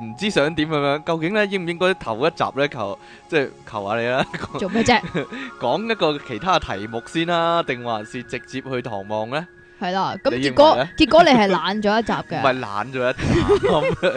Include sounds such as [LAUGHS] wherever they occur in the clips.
唔知想點咁樣，究竟咧應唔應該頭一集咧求，即係求下你啦。做咩啫？講 [LAUGHS] 一個其他嘅題目先啦，定還是直接去唐望咧？係啦，咁結果要要結果你係懶咗一集嘅，唔係懶咗一懶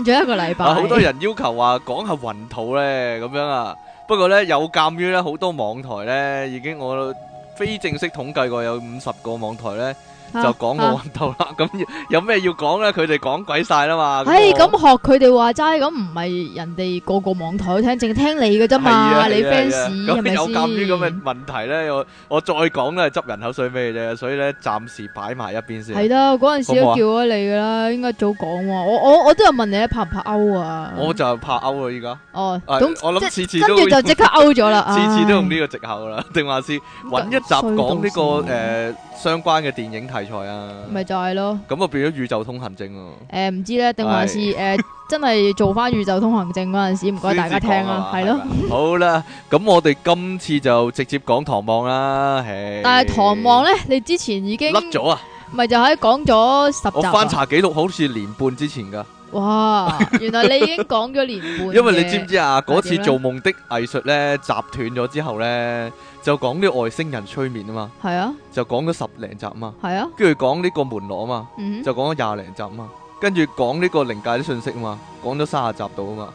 咗 [LAUGHS] [LAUGHS] [LAUGHS] 一個禮拜。好多人要求話講下雲土咧，咁樣啊。不過咧有鑒於咧，好多網台咧已經我非正式統計過有五十個網台咧。就講個網台啦，咁有咩要講咧？佢哋講鬼晒啦嘛！係咁學佢哋話齋，咁唔係人哋個個網台聽，淨聽你嘅啫嘛，你 fans 係咪先？咁有鑒於咁嘅問題咧，我我再講咧執人口水咩啫？所以咧暫時擺埋一邊先。係啦，我嗰陣時都叫咗你噶啦，應該早講喎。我我我都有問你拍唔拍勾啊？我就係拍勾啊！依家哦，咁我諗次次都跟住就即刻勾咗啦。次次都用呢個藉口啦，定話先搵一集講呢個誒相關嘅電影睇。比賽啊，咪就係咯，咁啊變咗宇宙通行證喎。誒，唔知咧，定還是誒，真係做翻宇宙通行證嗰陣時，唔該大家聽啊，係咯。好啦，咁我哋今次就直接講唐望啦。誒，但係唐望咧，你之前已經甩咗啊？咪就係講咗十集。我翻查記錄，好似年半之前噶。哇，原來你已經講咗年半。因為你知唔知啊？嗰次做夢的藝術咧，集斷咗之後咧。就講啲外星人催眠啊嘛，係啊，就講咗十零集嘛，係啊，跟住講呢個門羅啊嘛，嗯、哼就講咗廿零集啊嘛，跟住講呢個靈界啲信息啊嘛，講咗三十集到啊嘛，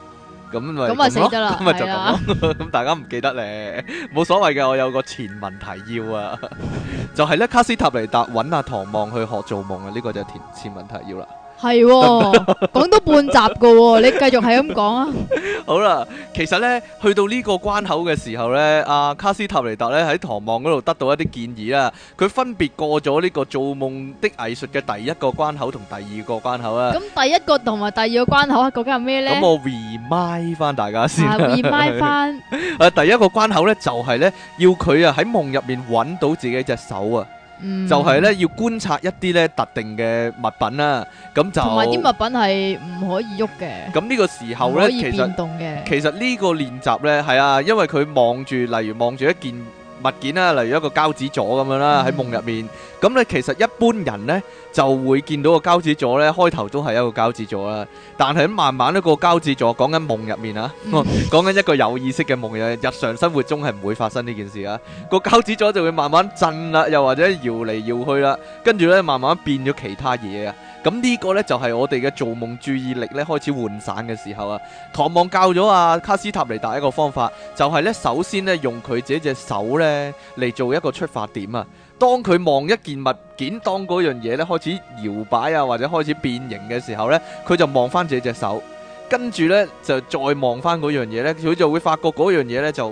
咁咪咁咪死咗啦，咁咪就咁咯，咁大家唔記得咧，冇所謂嘅，我有個前文提要啊， [LAUGHS] 就係咧卡斯塔尼達搵阿唐望去學做夢啊，呢、這個就係前前文提要啦。係，講多半集噶，你繼續係咁講啊！好啦，其實咧，去到呢個關口嘅時候咧，阿卡斯塔尼達咧喺唐望嗰度得到一啲建議啊。佢分別過咗呢個做夢的藝術嘅第一個關口同第二個關口啊。咁第一個同埋第二個關口，究竟係咩咧？咁我 remind 翻大家先。remind 翻，誒，第一個關口咧就係咧，要佢啊喺夢入面揾到自己隻手啊！就係咧，要觀察一啲咧特定嘅物品啦，咁就同埋啲物品係唔可以喐嘅。咁呢個時候咧，其實其實呢個練習咧係啊，因為佢望住，例如望住一件物件啦，例如一個膠紙座咁樣啦，喺夢入面，咁咧其實一般人咧。就會見到個膠紙座呢，開頭都係一個膠紙座啦。但係慢慢呢個膠紙座，講緊夢入面啊，講緊 [LAUGHS] 一個有意識嘅夢，又日常生活中係唔會發生呢件事啊。個膠紙座就會慢慢震啦，啊，又或者搖嚟搖去啦，啊，跟住呢，慢慢變咗其他嘢啊。咁呢個呢，就係、是、我哋嘅做夢注意力呢開始渙散嘅時候啊。唐望教咗阿、啊、卡斯塔尼達一個方法，就係、是、呢：首先呢，用佢自己隻手呢嚟做一個出發點啊。當佢望一件物件，當嗰樣嘢咧開始搖擺啊，或者開始變形嘅時候呢，佢就望翻自己隻手，跟住呢，就再望翻嗰樣嘢呢，佢就會發覺嗰樣嘢呢就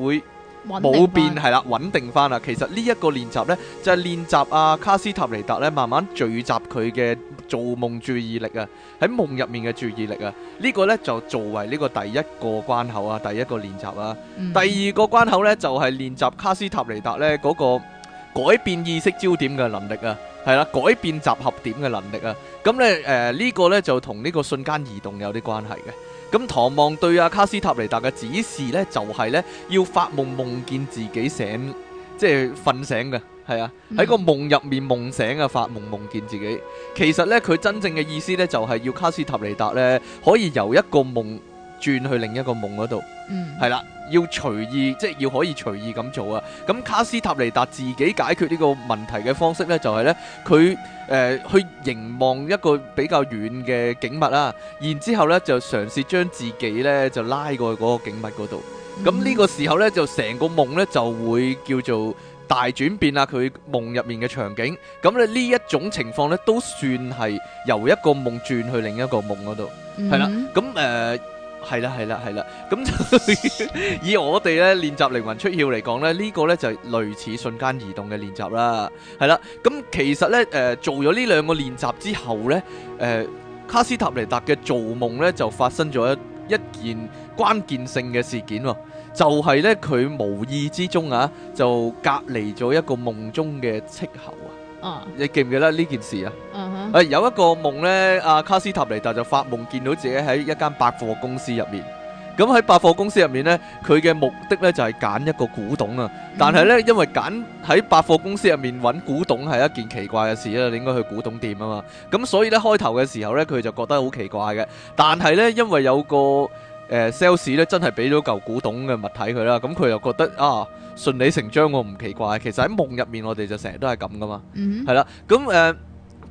會冇變，係啦，穩定翻啦。其實呢一個練習呢，就係練習阿卡斯塔尼達呢慢慢聚集佢嘅做夢注意力啊，喺夢入面嘅注意力啊。呢個呢，就作為呢個第一個關口啊，第一個練習啊。嗯、第二個關口呢，就係練習卡斯塔尼達呢嗰個。改變意識焦點嘅能力啊，係啦，改變集合點嘅能力啊，咁咧誒呢、呃這個咧就同呢個瞬間移動有啲關係嘅。咁唐望對阿卡斯塔尼達嘅指示呢，就係、是、呢：要發夢夢見自己醒，即係瞓醒嘅，係啊，喺個夢入面夢醒啊，發夢夢見自己。其實呢，佢真正嘅意思呢，就係、是、要卡斯塔尼達呢，可以由一個夢。轉去另一個夢嗰度，係啦、嗯，要隨意，即、就、係、是、要可以隨意咁做啊。咁卡斯塔尼達自己解決呢個問題嘅方式呢，就係、是、呢，佢誒、呃、去凝望一個比較遠嘅景物啦、啊，然之後咧就嘗試將自己呢，就拉過去嗰個景物嗰度。咁呢、嗯、個時候呢，就成個夢呢，就會叫做大轉變啦、啊。佢夢入面嘅場景，咁咧呢一種情況呢，都算係由一個夢轉去另一個夢嗰度，係啦、嗯，咁誒。係啦，係啦，係 [NOISE] 啦樂。咁就 [MUSIC] 以我哋咧練習靈魂出竅嚟講咧，這個、呢個咧就是、類似瞬間移動嘅練習啦。係啦，咁 [MUSIC] 其實咧，誒、呃、做咗呢兩個練習之後咧，誒、呃、卡斯塔尼達嘅做夢咧就發生咗一一件關鍵性嘅事件咯、哦，就係咧佢無意之中啊就隔離咗一個夢中嘅斥候。你記唔記得呢件事啊？Uh huh. 哎、有一個夢咧，阿、啊、卡斯塔尼達就發夢見到自己喺一間百貨公司入面。咁喺百貨公司入面呢，佢嘅目的呢就係揀一個古董啊。但係呢，因為揀喺百貨公司入面揾古董係一件奇怪嘅事啦，你應該去古董店啊嘛。咁所以呢，開頭嘅時候呢，佢就覺得好奇怪嘅。但係呢，因為有個。誒 sales 咧，真係俾咗嚿古董嘅物體佢啦，咁佢又覺得啊，順理成章我、啊、唔奇怪，其實喺夢入面我哋就成日都係咁㗎嘛，係啦、mm，咁、hmm. 誒、呃、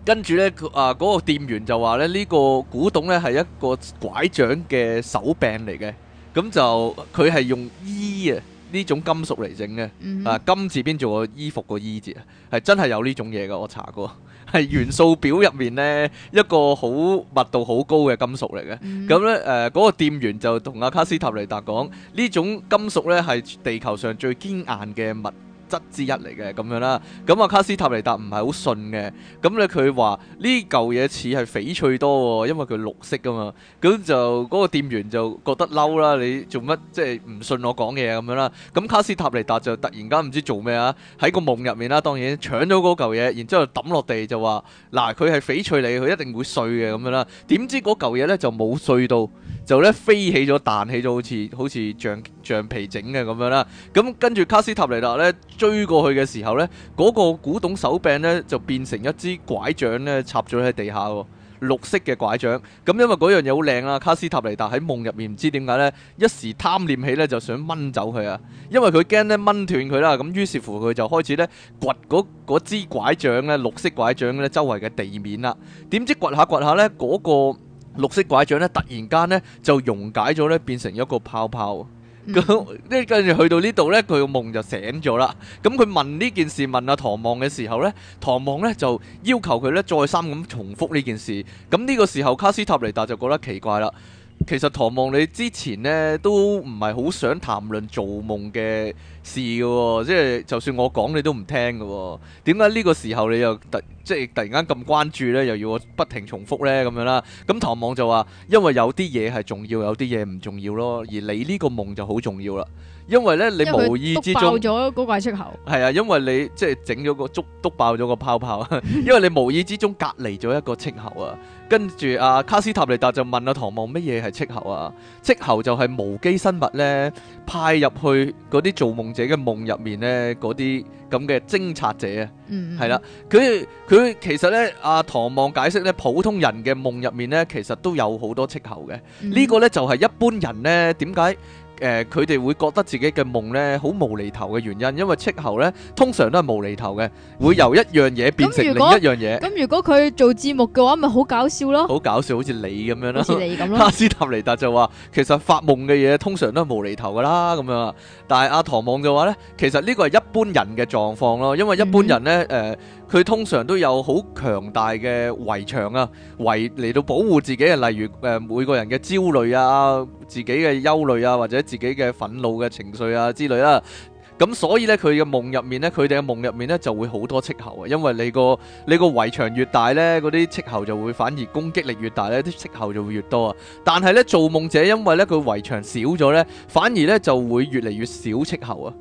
跟住咧啊嗰、那個店員就話咧呢、這個古董咧係一個拐杖嘅手柄嚟嘅，咁就佢係用衣啊呢種金屬嚟整嘅，mm hmm. 啊金字邊做個衣服個衣、e、字，係真係有呢種嘢嘅，我查過。係元素表入面咧，一個好密度好高嘅金屬嚟嘅。咁咧、mm，誒、hmm. 嗯，嗰個店員就同阿卡斯塔尼達講呢種金屬咧係地球上最堅硬嘅物。質之一嚟嘅咁樣啦，咁啊卡斯塔尼達唔係好信嘅，咁咧佢話呢嚿嘢似係翡翠多，因為佢綠色噶嘛，咁就嗰個店員就覺得嬲啦，你做乜即係唔信我講嘢咁樣啦？咁卡斯塔尼達就突然間唔知做咩啊，喺個夢入面啦，當然搶咗嗰嚿嘢，然之後抌落地就話嗱，佢係翡翠嚟，佢一定會碎嘅咁樣啦。點知嗰嚿嘢咧就冇碎到。就咧飛起咗彈起咗，好似好似橡橡皮整嘅咁樣啦。咁、嗯、跟住卡斯塔尼達咧追過去嘅時候咧，嗰個古董手柄咧就變成一支拐杖咧插咗喺地下喎，綠色嘅拐杖。咁、嗯、因為嗰樣嘢好靚啦，卡斯塔尼達喺夢入面唔知點解咧，一時貪念起咧就想掹走佢啊。因為佢驚咧掹斷佢啦，咁於是乎佢就開始咧掘嗰支拐杖咧綠色拐杖咧周圍嘅地面啦。點知掘下掘下咧嗰個。綠色拐杖咧，突然間咧就溶解咗咧，變成一個泡泡。咁、嗯，呢跟住去到呢度咧，佢個夢就醒咗啦。咁佢問呢件事問阿唐望嘅時候咧，唐望咧就要求佢咧再三咁重複呢件事。咁呢個時候卡斯塔尼達就覺得奇怪啦。其實唐望你之前咧都唔係好想談論做夢嘅事㗎喎，即係就算我講你都唔聽㗎喎。點解呢個時候你又突即係突然間咁關注咧，又要我不停重複咧咁樣啦？咁唐望就話，因為有啲嘢係重要，有啲嘢唔重要咯，而你呢個夢就好重要啦。因為咧，你無意之中，咗嗰個斥候。係啊，因為你即係整咗個捉篤爆咗個泡泡啊！因為你無意之中隔離咗一個斥候 [LAUGHS] 啊！跟住阿卡斯塔利達就問阿、啊、唐望乜嘢係斥候啊？斥候就係無機生物咧派入去嗰啲造夢者嘅夢入面咧嗰啲咁嘅偵察者啊！係啦，佢佢其實咧阿唐望解釋咧，普通人嘅夢入面咧其實都有好多斥候嘅。呢、嗯嗯、個咧就係一般人咧點解？誒，佢哋會覺得自己嘅夢咧好無厘頭嘅原因，因為氣候咧通常都係無厘頭嘅，會由一樣嘢變成另一樣嘢。咁如果佢做節目嘅話，咪好搞笑咯！好搞笑，好似你咁樣咯，好似你咁咯。哈斯塔尼達就話，其實發夢嘅嘢通常都係無厘頭噶啦，咁樣。但係阿唐望嘅話咧，其實呢個係一般人嘅狀況咯，因為一般人咧，誒，佢通常都有好強大嘅圍牆啊，圍嚟到保護自己啊，例如誒每個人嘅焦慮啊，自己嘅憂慮啊，或者。自己嘅憤怒嘅情緒啊之類啦，咁所以呢，佢嘅夢入面呢，佢哋嘅夢入面呢，就會好多斥候啊，因為你個你個圍牆越大呢，嗰啲斥候就會反而攻擊力越大呢，啲斥候就會越多啊。但係呢，做夢者因為呢，佢圍牆少咗呢，反而呢，就會越嚟越少斥候啊。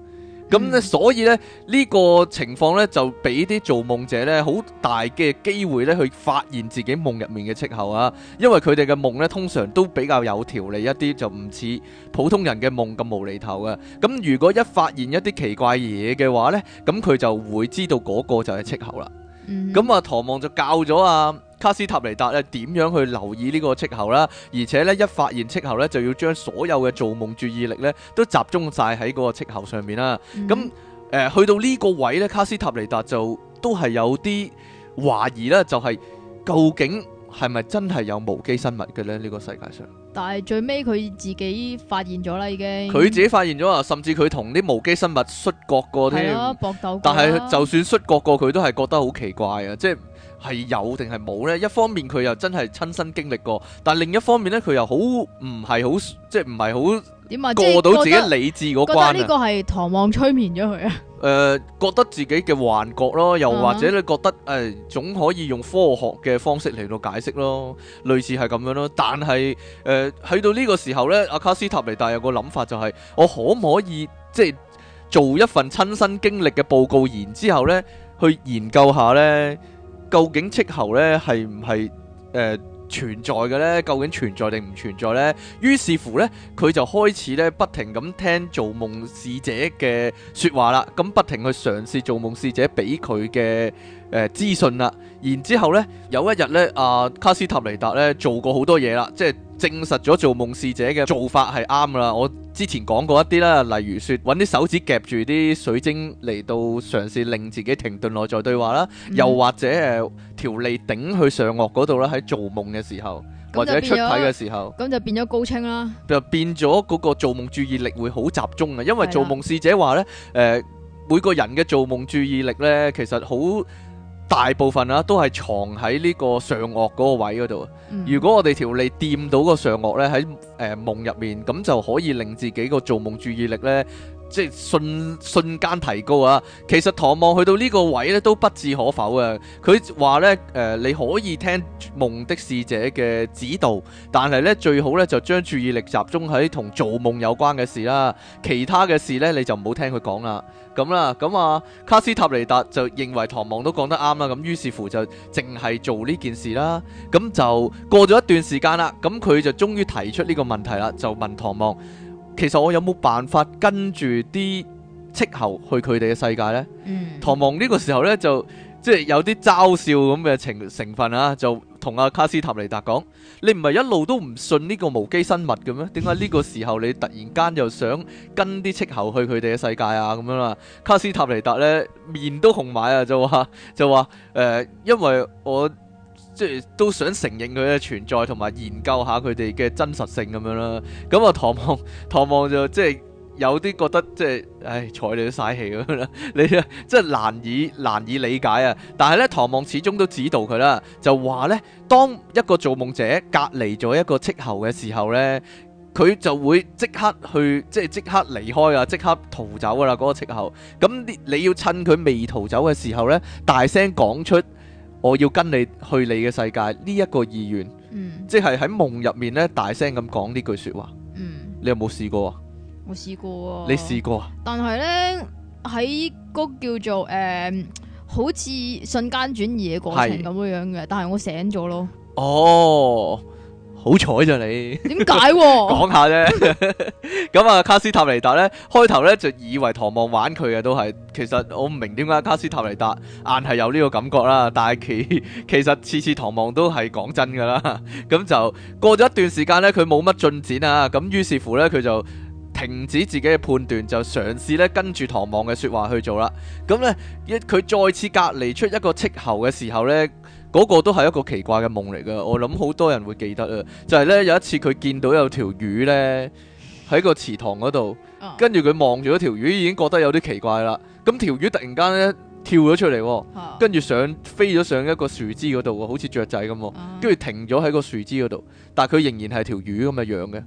咁咧，所以咧呢、嗯、個情況咧就俾啲做夢者咧好大嘅機會咧去發現自己夢入面嘅斥候啊，因為佢哋嘅夢咧通常都比較有條理一啲，就唔似普通人嘅夢咁無厘頭嘅。咁如果一發現一啲奇怪嘢嘅話咧，咁佢就會知道嗰個就係斥候啦。咁、嗯、啊，唐望就教咗啊。卡斯塔尼達咧點樣去留意呢個斥候啦？而且咧一發現斥候咧，就要將所有嘅造夢注意力咧都集中晒喺嗰個斥候上面啦。咁誒、嗯呃、去到呢個位咧，卡斯塔尼達就都係有啲懷疑咧，就係究竟係咪真係有無機生物嘅咧，呢個世界上？但係最尾佢自己發現咗啦，已經佢自己發現咗啊！甚至佢同啲無機生物摔角過添，啊、搏鬥過，但係就算摔角過，佢都係覺得好奇怪啊！即係係有定係冇咧？一方面佢又真係親身經歷過，但係另一方面咧，佢又好唔係好，即係唔係好過到自己理智嗰關啊？覺得呢個係唐望催眠咗佢啊？誒，覺得自己嘅幻覺咯，又或者你覺得誒，總可以用科學嘅方式嚟到解釋咯，類似係咁樣咯。但係誒，去到呢個時候咧，阿卡斯塔尼達有個諗法就係我可唔可以即係做一份親身經歷嘅報告，然之後咧去研究下咧。究竟斥候咧係唔係誒存在嘅呢？究竟存在定唔存在呢？於是乎呢，佢就開始呢，不停咁聽做夢使者嘅說話啦，咁不停去嘗試做夢使者俾佢嘅誒資訊啦。然之後咧，有一日呢，阿、啊、卡斯塔尼達呢，做過好多嘢啦，即係。證實咗做夢使者嘅做法係啱啦。我之前講過一啲啦，例如說揾啲手指夾住啲水晶嚟到嘗試令自己停頓內在對話啦，又或者誒條脷頂去上顎嗰度啦，喺做夢嘅時候或者出體嘅時候，咁就變咗高清啦。就變咗嗰個做夢注意力會好集中啊，因為做夢使者話呢，誒每個人嘅做夢注意力呢其實好。大部分啦、啊，都係藏喺呢個上腭嗰個位嗰度。嗯、如果我哋條脷掂到個上腭咧，喺誒夢入面，咁就可以令自己個做夢注意力咧，即係瞬瞬間提高啊！其實唐望去到呢個位咧都不置可否啊。佢話咧誒，你可以聽夢的使者嘅指導，但係咧最好咧就將注意力集中喺同做夢有關嘅事啦。其他嘅事咧你就唔好聽佢講啦。咁啦、啊，咁啊卡斯塔尼達就認為唐望都講得啱啦。咁於是乎就淨係做呢件事啦。咁就過咗一段時間啦，咁佢就終於提出呢個問題啦，就問唐望。其實我有冇辦法跟住啲斥候去佢哋嘅世界呢？嗯，唐望呢個時候呢，就即、是、係有啲嘲笑咁嘅情成分啊，就同阿、啊、卡斯塔尼達講：你唔係一路都唔信呢個無機生物嘅咩？點解呢個時候你突然間又想跟啲斥候去佢哋嘅世界啊？咁樣啦、啊，卡斯塔尼達呢面都紅埋啊，就話就話誒，因為我。即係都想承認佢嘅存在，同埋研究下佢哋嘅真實性咁樣啦。咁啊，唐望，唐望就即係有啲覺得即係，唉，睬你都嘥氣咁樣啦。你啊，即係難以難以理解啊。但係咧，唐望始終都指導佢啦，就話咧，當一個造夢者隔離咗一個斥候嘅時候咧，佢就會即刻去，即係即刻離開啊，即刻逃走噶啦，嗰個斥候。咁你你要趁佢未逃走嘅時候咧，大聲講出。我要跟你去你嘅世界呢一個意願，嗯，即係喺夢入面咧大聲咁講呢句說話。嗯。你有冇試過啊？冇試過。你試過啊？但係咧喺嗰叫做誒，好似瞬間轉移嘅過程咁樣樣嘅，但係我醒咗咯。哦。好彩咋你？點解？講下啫。咁啊，卡斯塔尼達呢，開頭呢就以為唐望玩佢嘅都係。其實我唔明點解卡斯塔尼達硬係有呢個感覺啦。但係其其實，其實次次唐望都係講真噶啦。咁就過咗一段時間呢，佢冇乜進展啊。咁於是乎呢，佢就停止自己嘅判斷，就嘗試呢跟住唐望嘅說話去做啦。咁呢，一佢再次隔離出一個斥候嘅時候呢。嗰個都係一個奇怪嘅夢嚟噶，我諗好多人會記得啊！就係、是、呢。有一次佢見到有條魚呢喺個池塘嗰度，嗯、跟住佢望住嗰條魚已經覺得有啲奇怪啦。咁條魚突然間咧跳咗出嚟，哦，嗯、跟住想飛咗上一個樹枝嗰度啊，好似雀仔咁，跟住停咗喺個樹枝嗰度。但係佢仍然係條魚咁嘅樣嘅。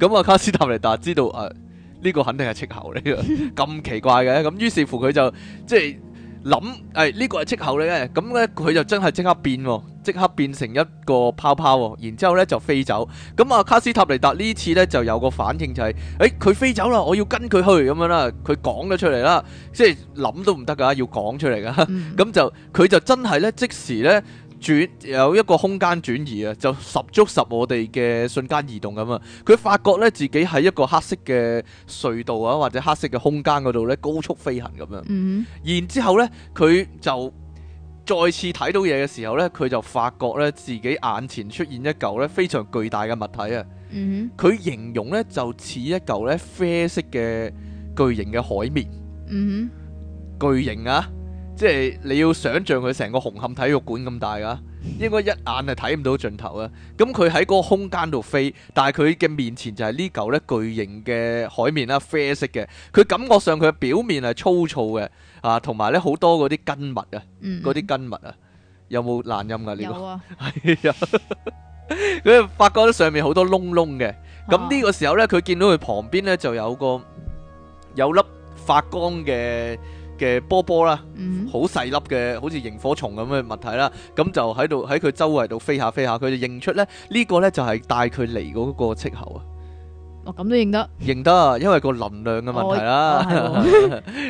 咁啊，卡斯塔尼達知道啊，呢個肯定係斥候嚟噶，咁 [LAUGHS] 奇怪嘅。咁於是乎佢就即係。就是就是就是諗，誒呢、哎，這個係藉口嚟嘅。咁咧佢就真係即刻變喎，即刻變成一個泡泡喎，然之後咧就飛走。咁啊，卡斯塔尼達次呢次咧就有個反應就係、是，誒、哎、佢飛走啦，我要跟佢去咁樣啦，佢講咗出嚟啦，即係諗都唔得㗎，要講出嚟㗎，咁、嗯、 [LAUGHS] 就佢就真係咧即時咧。轉有一個空間轉移啊，就十足十我哋嘅瞬間移動咁啊！佢發覺咧自己喺一個黑色嘅隧道啊，或者黑色嘅空間嗰度咧高速飛行咁樣。嗯哼，然之後咧佢就再次睇到嘢嘅時候咧，佢就發覺咧自己眼前出現一嚿咧非常巨大嘅物體啊。嗯哼，佢形容咧就似一嚿咧啡色嘅巨型嘅海綿。嗯哼，巨型啊！即係你要想象佢成個紅磡體育館咁大噶，應該一眼係睇唔到盡頭嘅。咁佢喺嗰個空間度飛，但係佢嘅面前就係呢嚿咧巨型嘅海綿啦，啡色嘅。佢感覺上佢表面係粗糙嘅啊，同埋咧好多嗰啲筋物，嗯嗯物有有啊，嗰啲筋物啊， [LAUGHS] [LAUGHS] 洞洞有冇爛音㗎呢個？有啊，係啊，佢發覺上面好多窿窿嘅。咁呢個時候咧，佢見到佢旁邊咧就有個有粒發光嘅，波波啦、嗯，好細粒嘅，好似螢火蟲咁嘅物體啦，咁就喺度喺佢周圍度飛下飛下，佢就認出咧呢、呢個咧就係帶佢嚟嗰個出口啊、哦哦！哦，咁都認得，認得啊！因為個能量嘅問題啦，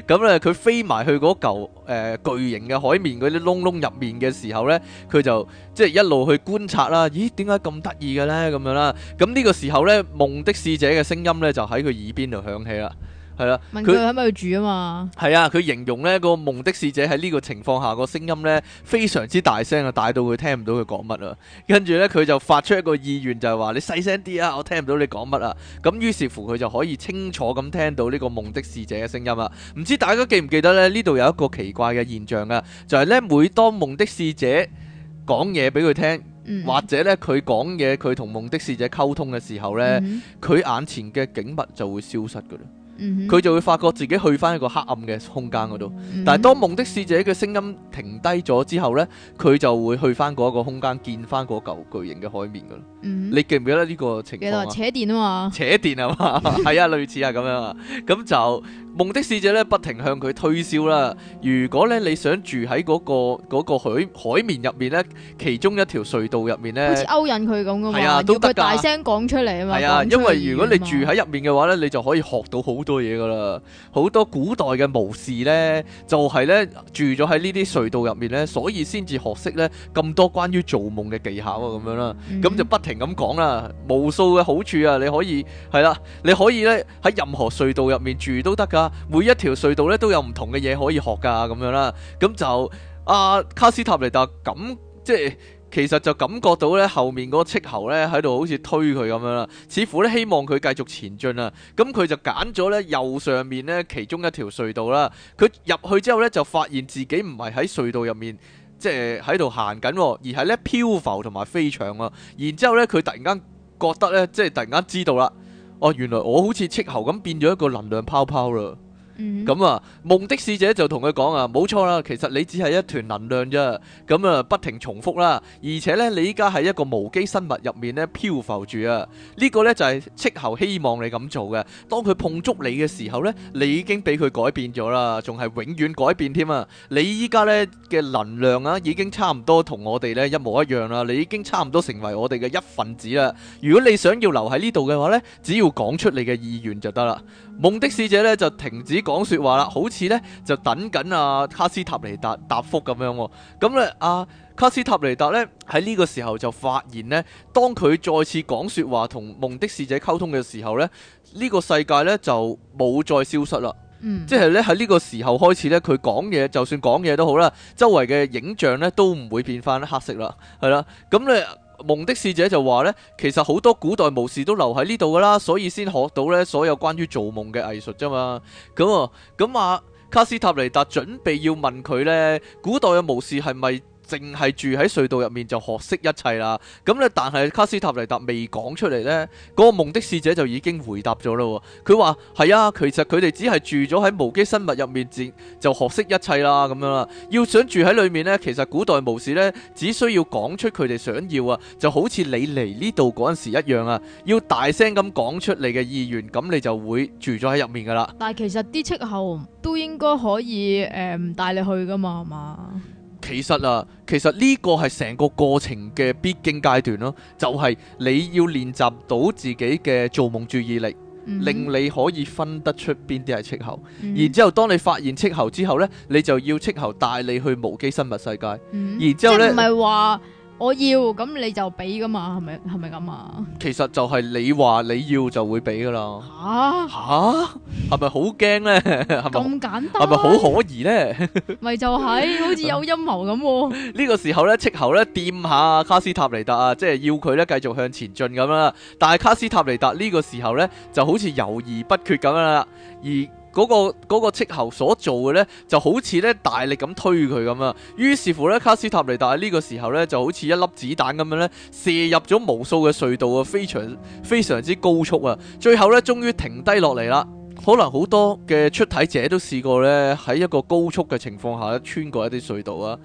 咁咧佢飛埋去嗰嚿誒巨型嘅海面嗰啲窿窿入面嘅時候咧，佢就即係一路去觀察啦。咦，點解咁得意嘅咧？咁樣啦，咁、嗯、呢、呢個時候咧，夢的使者嘅聲音咧就喺佢耳邊度響起啦。係啦，佢喺喺度住啊嘛？係啊，佢形容呢、呢個夢的使者喺呢個情況下、個聲音呢非常之大聲啊，大到佢聽唔到佢講乜啊。跟住呢，佢就發出一個意願，就係話你細聲啲啊，我聽唔到你講乜啊。咁於是乎佢就可以清楚咁聽到呢個夢的使者嘅聲音啦。唔知大家記唔記得咧？呢度有一個奇怪嘅現象啊，就係、是、呢，每當夢的使者講嘢俾佢聽，mm hmm. 或者呢，佢講嘢，佢同夢的使者溝通嘅時候呢，佢、mm hmm. 眼前嘅景物就會消失噶啦。佢 [NOISE] 就會發覺自己去返一個黑暗嘅空間嗰度， [NOISE] 但係當夢的使者嘅聲音停低咗之後呢，佢就會去返嗰個空間見返嗰嚿巨型嘅海面噶啦。嗯、你記唔記得呢個情況啊？扯電啊嘛，扯電啊嘛？係 [LAUGHS] 啊，類似啊咁樣啊。咁就夢的使者咧，不停向佢推銷啦。如果咧你想住喺嗰、嗰個嗰個海海面入面咧，其中一條隧道入面咧，好似勾引佢咁㗎嘛，係啊，都得㗎。要佢大聲講出嚟啊嘛。係啊，因為如果你住喺入面嘅話咧，你就可以學到好多嘢㗎啦。好多古代嘅巫師咧，就係、係、咧住咗喺呢啲隧道入面咧，所以先至學識咧咁多關於做夢嘅技巧啊咁樣啦。咁、嗯、就不停。咁講啦，無數嘅好處啊，你可以係啦，你可以咧喺任何隧道入面住都得噶，每一條隧道咧都有唔同嘅嘢可以學噶，咁樣啦，咁就阿卡斯塔尼達咁，即係其實就感覺到咧後面嗰個斥候咧喺度好似推佢咁樣啦，似乎咧希望佢繼續前進啊，咁佢就揀咗咧右上面咧其中一條隧道啦，佢入去之後咧就發現自己唔係喺隧道入面。即係喺度行緊，而係咧漂浮同埋飛翔啊！然之後咧，佢突然間覺得咧，即係突然間知道啦，哦、啊，原來我好似斥喉咁變咗一個能量泡泡啦～咁啊，夢的使者就同佢講啊，冇錯啦，其實你只係一團能量啫，咁啊不停重複啦，而且咧你依家喺一個無機生物入面咧漂浮住啊，呢個咧就係斥候希望你咁做嘅，當佢碰觸你嘅時候咧，你已經俾佢改變咗啦，仲係永遠改變添啊，你依家咧嘅能量啊已經差唔多同我哋咧一模一樣啦，你已經差唔多成為我哋嘅一份子啦，如果你想要留喺呢度嘅話咧，只要講出你嘅意願就得啦。夢的使者咧就停止講說話啦，好似咧就等緊阿、啊、卡斯塔尼達答覆咁樣，啊。咁咧阿卡斯塔尼達咧喺呢個時候就發現呢，當佢再次講說話同夢的使者溝通嘅時候呢，呢、這個世界咧就冇再消失啦。嗯、即係咧喺呢個時候開始咧，佢講嘢就算講嘢都好啦，周圍嘅影像咧都唔會變翻黑色啦，係啦。咁、嗯、咧。夢的使者就話呢，其實好多古代巫士都留喺呢度㗎啦，所以先學到呢所有關於做夢嘅藝術啫嘛。咁啊，咁啊，卡斯塔尼達準備要問佢呢：「古代嘅巫士係咪？淨係住喺隧道入面就學識一切啦，咁咧，但係卡斯塔尼達未講出嚟呢，嗰、那個夢的使者就已經回答咗啦。佢話係啊，其實佢哋只係住咗喺無機生物入面，就學識一切啦咁樣啦。要想住喺裏面呢，其實古代巫士呢，只需要講出佢哋想要啊，就好似你嚟呢度嗰陣時一樣啊，要大聲咁講出你嘅意願，咁你就會住咗喺入面噶啦。但係其實啲戚候都應該可以誒唔帶你去噶嘛，係嘛？其實啊，其實呢個係成個過程嘅必經階段咯，就係、是、你要練習到自己嘅做夢注意力，嗯、哼令你可以分得出邊啲係斥候。嗯、然之後當你發現斥候之後呢，你就要斥候帶你去無機生物世界。嗯、然之後咧，唔係話。我要咁你就俾噶嘛，係咪係咪咁啊？其實就係你話你要就會俾噶啦。吓吓、啊，係咪好驚咧？咁 [LAUGHS] 簡單，係咪好可疑呢！咪 [LAUGHS] 就係、是、好似有陰謀咁。呢 [LAUGHS] [LAUGHS] 個時候呢，斥候呢掂下卡斯塔尼達，即係要佢呢繼續向前進咁啦。但係卡斯塔尼達呢個時候呢，就好似猶豫不決咁啦，而。嗰個嗰個赤猴所做嘅呢，就好似呢大力咁推佢咁啊，於是乎呢，卡斯塔尼達呢個時候呢，就好似一粒子彈咁樣呢，射入咗無數嘅隧道啊，非常非常之高速啊，最後呢，終於停低落嚟啦。可能好多嘅出體者都試過呢，喺一個高速嘅情況下，穿過一啲隧道啊。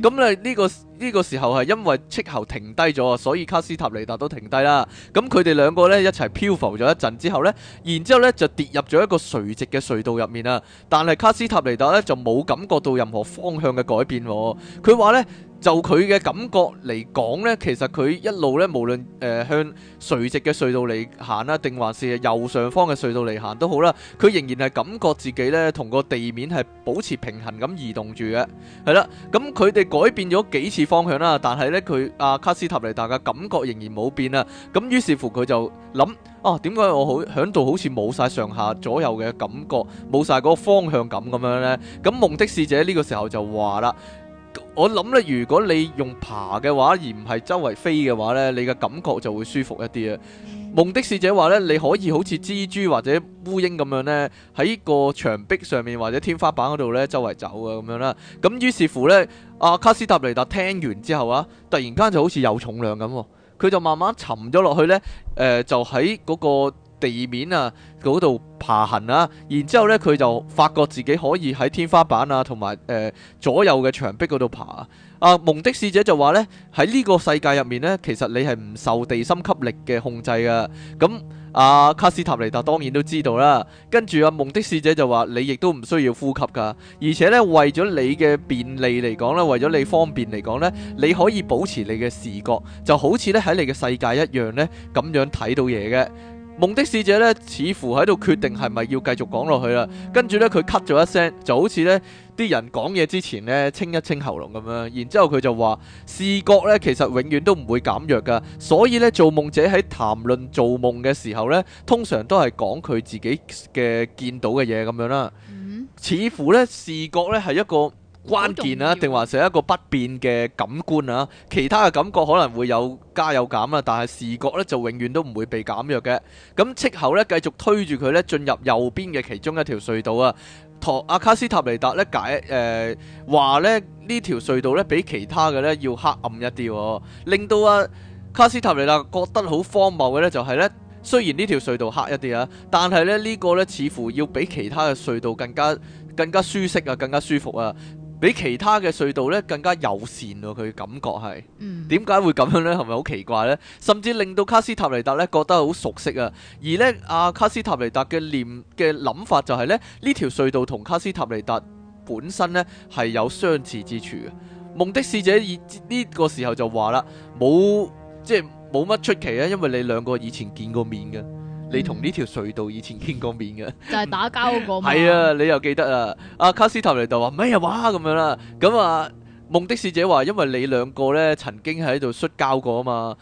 咁咧呢個呢、這個時候係因為斥候停低咗啊，所以卡斯塔尼達都停低啦。咁佢哋兩個呢，一齊漂浮咗一陣之後呢，然之後咧就跌入咗一個垂直嘅隧道入面啊。但係卡斯塔尼達呢，就冇感覺到任何方向嘅改變，佢話呢。就佢嘅感覺嚟講咧，其實佢一路咧，無論誒向垂直嘅隧道嚟行啦，定還是右上方嘅隧道嚟行都好啦，佢仍然係感覺自己咧同個地面係保持平衡咁移動住嘅，係啦。咁佢哋改變咗幾次方向啦，但係咧，佢阿卡斯塔尼達嘅感覺仍然冇變啊。咁於是乎佢就諗：哦，點解我好響度好似冇晒上下左右嘅感覺，冇晒嗰個方向感咁樣咧？咁夢的使者呢個時候就話啦。我諗咧，如果你用爬嘅話，而唔係周圍飛嘅話呢，你嘅感覺就會舒服一啲啊！夢的使者話呢，你可以好似蜘蛛或者烏蠅咁樣呢，喺個牆壁上面或者天花板嗰度呢周圍走啊咁樣啦。咁於是乎呢，阿、啊、卡斯塔尼達聽完之後啊，突然間就好似有重量咁，佢就慢慢沉咗落去呢，誒、呃，就喺嗰、嗰個。地面啊，嗰度爬行啦、啊，然之後呢，佢就發覺自己可以喺天花板啊，同埋誒左右嘅牆壁嗰度爬、啊。阿、啊、夢的使者就話呢，喺呢個世界入面呢，其實你係唔受地心吸力嘅控制噶。咁阿、啊、卡斯塔尼達當然都知道啦。跟住阿夢的使者就話，你亦都唔需要呼吸噶。而且呢，為咗你嘅便利嚟講咧，為咗你方便嚟講呢，你可以保持你嘅視覺，就好似咧喺你嘅世界一樣呢，咁樣睇到嘢嘅。夢的使者咧，似乎喺度決定係咪要繼續講落去啦。跟住咧，佢咳咗一聲，就好似咧啲人講嘢之前咧清一清喉嚨咁樣。然之後佢就話：視覺咧，其實永遠都唔會減弱噶。所以咧，做夢者喺談論做夢嘅時候咧，通常都係講佢自己嘅見到嘅嘢咁樣啦。似乎咧，視覺咧係一個。關鍵啊，定話是一個不變嘅感官啊。其他嘅感覺可能會有加有減啊，但係視覺咧就永遠都唔會被減弱嘅。咁之後咧，繼續推住佢咧進入右邊嘅其中一條隧道啊。托阿卡斯塔尼達咧解誒話咧呢條隧道咧比其他嘅咧要黑暗一啲、啊，令到阿、啊、卡斯塔尼達覺得好荒謬嘅咧就係、是、咧雖然呢條隧道黑一啲啊，但係咧呢、這個咧似乎要比其他嘅隧道更加更加舒適啊，更加舒服啊。比其他嘅隧道咧更加友善喎、啊，佢感覺係點解會咁樣呢？係咪好奇怪呢？甚至令到卡斯塔尼達咧覺得好熟悉啊。而呢，阿、啊、卡斯塔尼達嘅念嘅諗法就係呢：呢條隧道同卡斯塔尼達本身呢係有相似之處嘅。夢的使者以呢個時候就話啦，冇即係冇乜出奇啊，因為你兩個以前見過面嘅。你同呢條隧道以前見過面嘅， [LAUGHS] 就係打交嗰個嘛，係 [LAUGHS] 啊，你又記得啊？阿卡斯塔尼達話咩話咁樣啦？咁啊，夢的使者話，因為你兩個呢曾經喺度摔跤過啊嘛，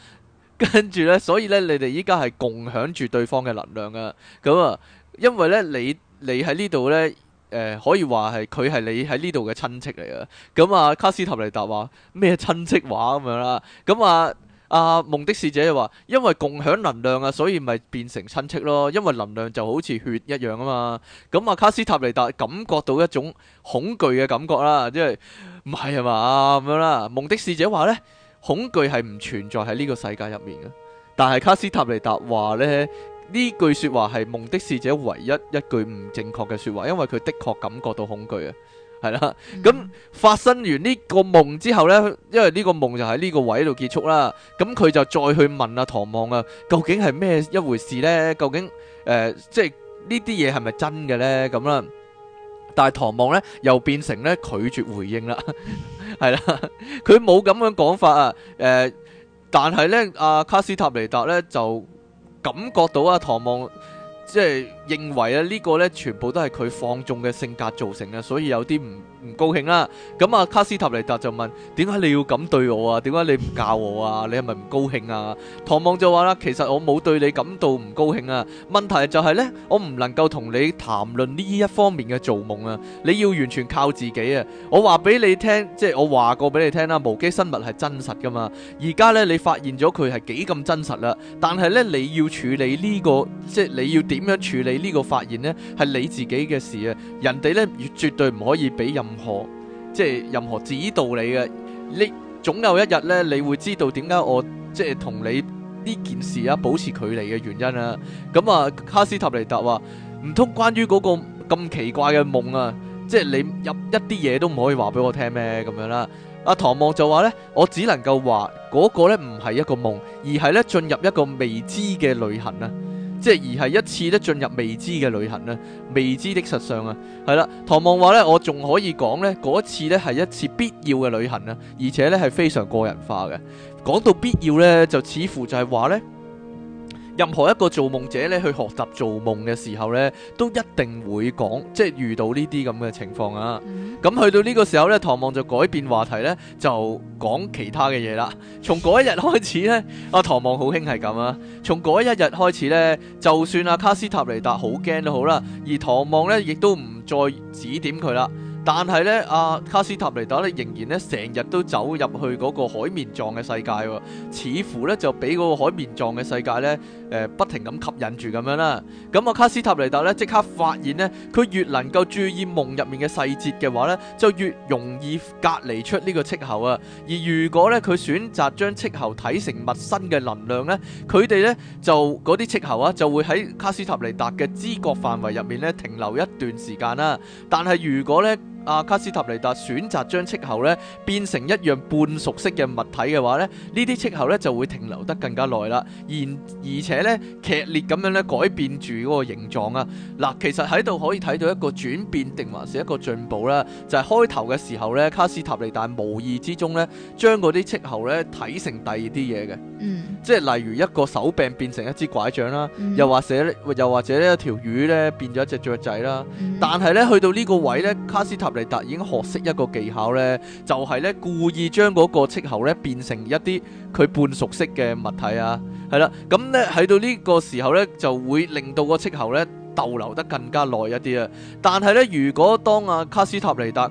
跟住呢。所以呢，你哋依家係共享住對方嘅能量啊。咁啊，因為呢，你你喺呢度呢，誒、呃、可以話係佢係你喺呢度嘅親戚嚟啊。咁啊，卡斯塔尼達話咩親戚話咁樣啦？咁啊。啊，夢的使者話，因為共享能量啊，所以咪變成親戚咯。因為能量就好似血一樣啊嘛。咁阿卡斯塔尼達感覺到一種恐懼嘅感覺啦，即係唔係啊嘛咁樣啦。夢的使者話呢，恐懼係唔存在喺呢個世界入面嘅。但係卡斯塔尼達話呢，呢句說話係夢的使者唯一一句唔正確嘅說話，因為佢的確感覺到恐懼啊。係啦，咁發生完呢個夢之後咧，因為呢個夢就喺呢個位度結束啦。咁佢就再去問阿唐望啊，究竟係咩一回事咧？究竟誒，即係呢啲嘢係咪真嘅咧？咁啦，但係唐望咧又變成咧拒絕回應啦。係啦，佢冇咁樣講法啊。誒，但係咧，阿卡斯塔尼達咧就感覺到阿唐望。即係認為咧，呢個咧全部都係佢放縱嘅性格造成嘅，所以有啲唔唔高興啦，咁啊卡斯塔尼達就問：點解你要咁對我啊？點解你唔教我啊？你係咪唔高興啊？唐望就話啦：其實我冇對你感到唔高興啊。問題就係咧，我唔能夠同你談論呢一方面嘅做夢啊。你要完全靠自己啊。我話俾你聽，即係我話過俾你聽啦，無機生物係真實噶嘛。而家咧，你發現咗佢係幾咁真實啦。但係咧，你要處理呢個，即係你要點樣處理呢個發現咧，係你自己嘅事啊。人哋咧，絕對唔可以俾任何即係任何指導你嘅。你總有一日咧，你會知道點解我即係同你呢件事啊保持距離嘅原因啦。咁啊，卡斯塔尼達話唔通關於嗰個咁奇怪嘅夢啊，即係你入一啲嘢都唔可以話俾我聽咩咁樣啦。阿唐望就話咧，我只能夠話嗰個咧唔係一個夢，而係咧進入一個未知嘅旅行啦。即係而係一次咧進入未知嘅旅行咧，未知的實相啊，係啦。唐望話咧，我仲可以講咧，嗰一次咧係一次必要嘅旅行啦，而且咧係非常個人化嘅。講到必要咧，就似乎就係話咧。任何一個做夢者咧去學習做夢嘅時候咧，都一定會講，即係遇到呢啲咁嘅情況啊。咁去、mm hmm. 到呢個時候咧，唐望就改變話題咧，就講其他嘅嘢啦。從嗰一日開始咧，阿、啊、唐望好興係咁啊。從嗰一日開始咧，就算阿卡斯塔尼達好驚都好啦，而唐望咧亦都唔再指點佢啦。但係咧，阿卡斯塔尼達咧仍然咧成日都走入去嗰個海綿狀嘅世界喎，似乎咧就俾嗰個海綿狀嘅世界咧誒不停咁吸引住咁樣啦。咁啊，卡斯塔尼達咧即刻發現呢，佢越能夠注意夢入面嘅細節嘅話咧，就越容易隔離出呢個戚喉啊。而如果咧佢選擇將戚喉睇成陌生嘅能量咧，佢哋咧就嗰啲戚喉啊就會喺卡斯塔尼達嘅知覺範圍入面咧停留一段時間啦、啊。但係如果咧，阿、啊、卡斯塔尼達選擇將斥候咧變成一樣半熟悉嘅物體嘅話咧，呢啲斥候咧就會停留得更加耐啦，而而且咧劇烈咁樣咧改變住嗰個形狀啊！嗱，其實喺度可以睇到一個轉變定還是一個進步啦，就係、是、開頭嘅時候咧，卡斯塔尼達無意之中咧將嗰啲斥候咧睇成第二啲嘢嘅，嗯、即係例如一個手柄變成一支拐杖啦，嗯、又或者又或者一條魚咧變咗一隻雀仔啦，嗯、但係咧去到呢個位咧，卡斯塔尼達已經學識一個技巧咧，就係、是、咧故意將嗰個戚喉咧變成一啲佢半熟悉嘅物體啊，係啦，咁咧喺到呢個時候咧就會令到個戚喉咧逗留得更加耐一啲啊。但係咧，如果當阿卡斯塔尼達。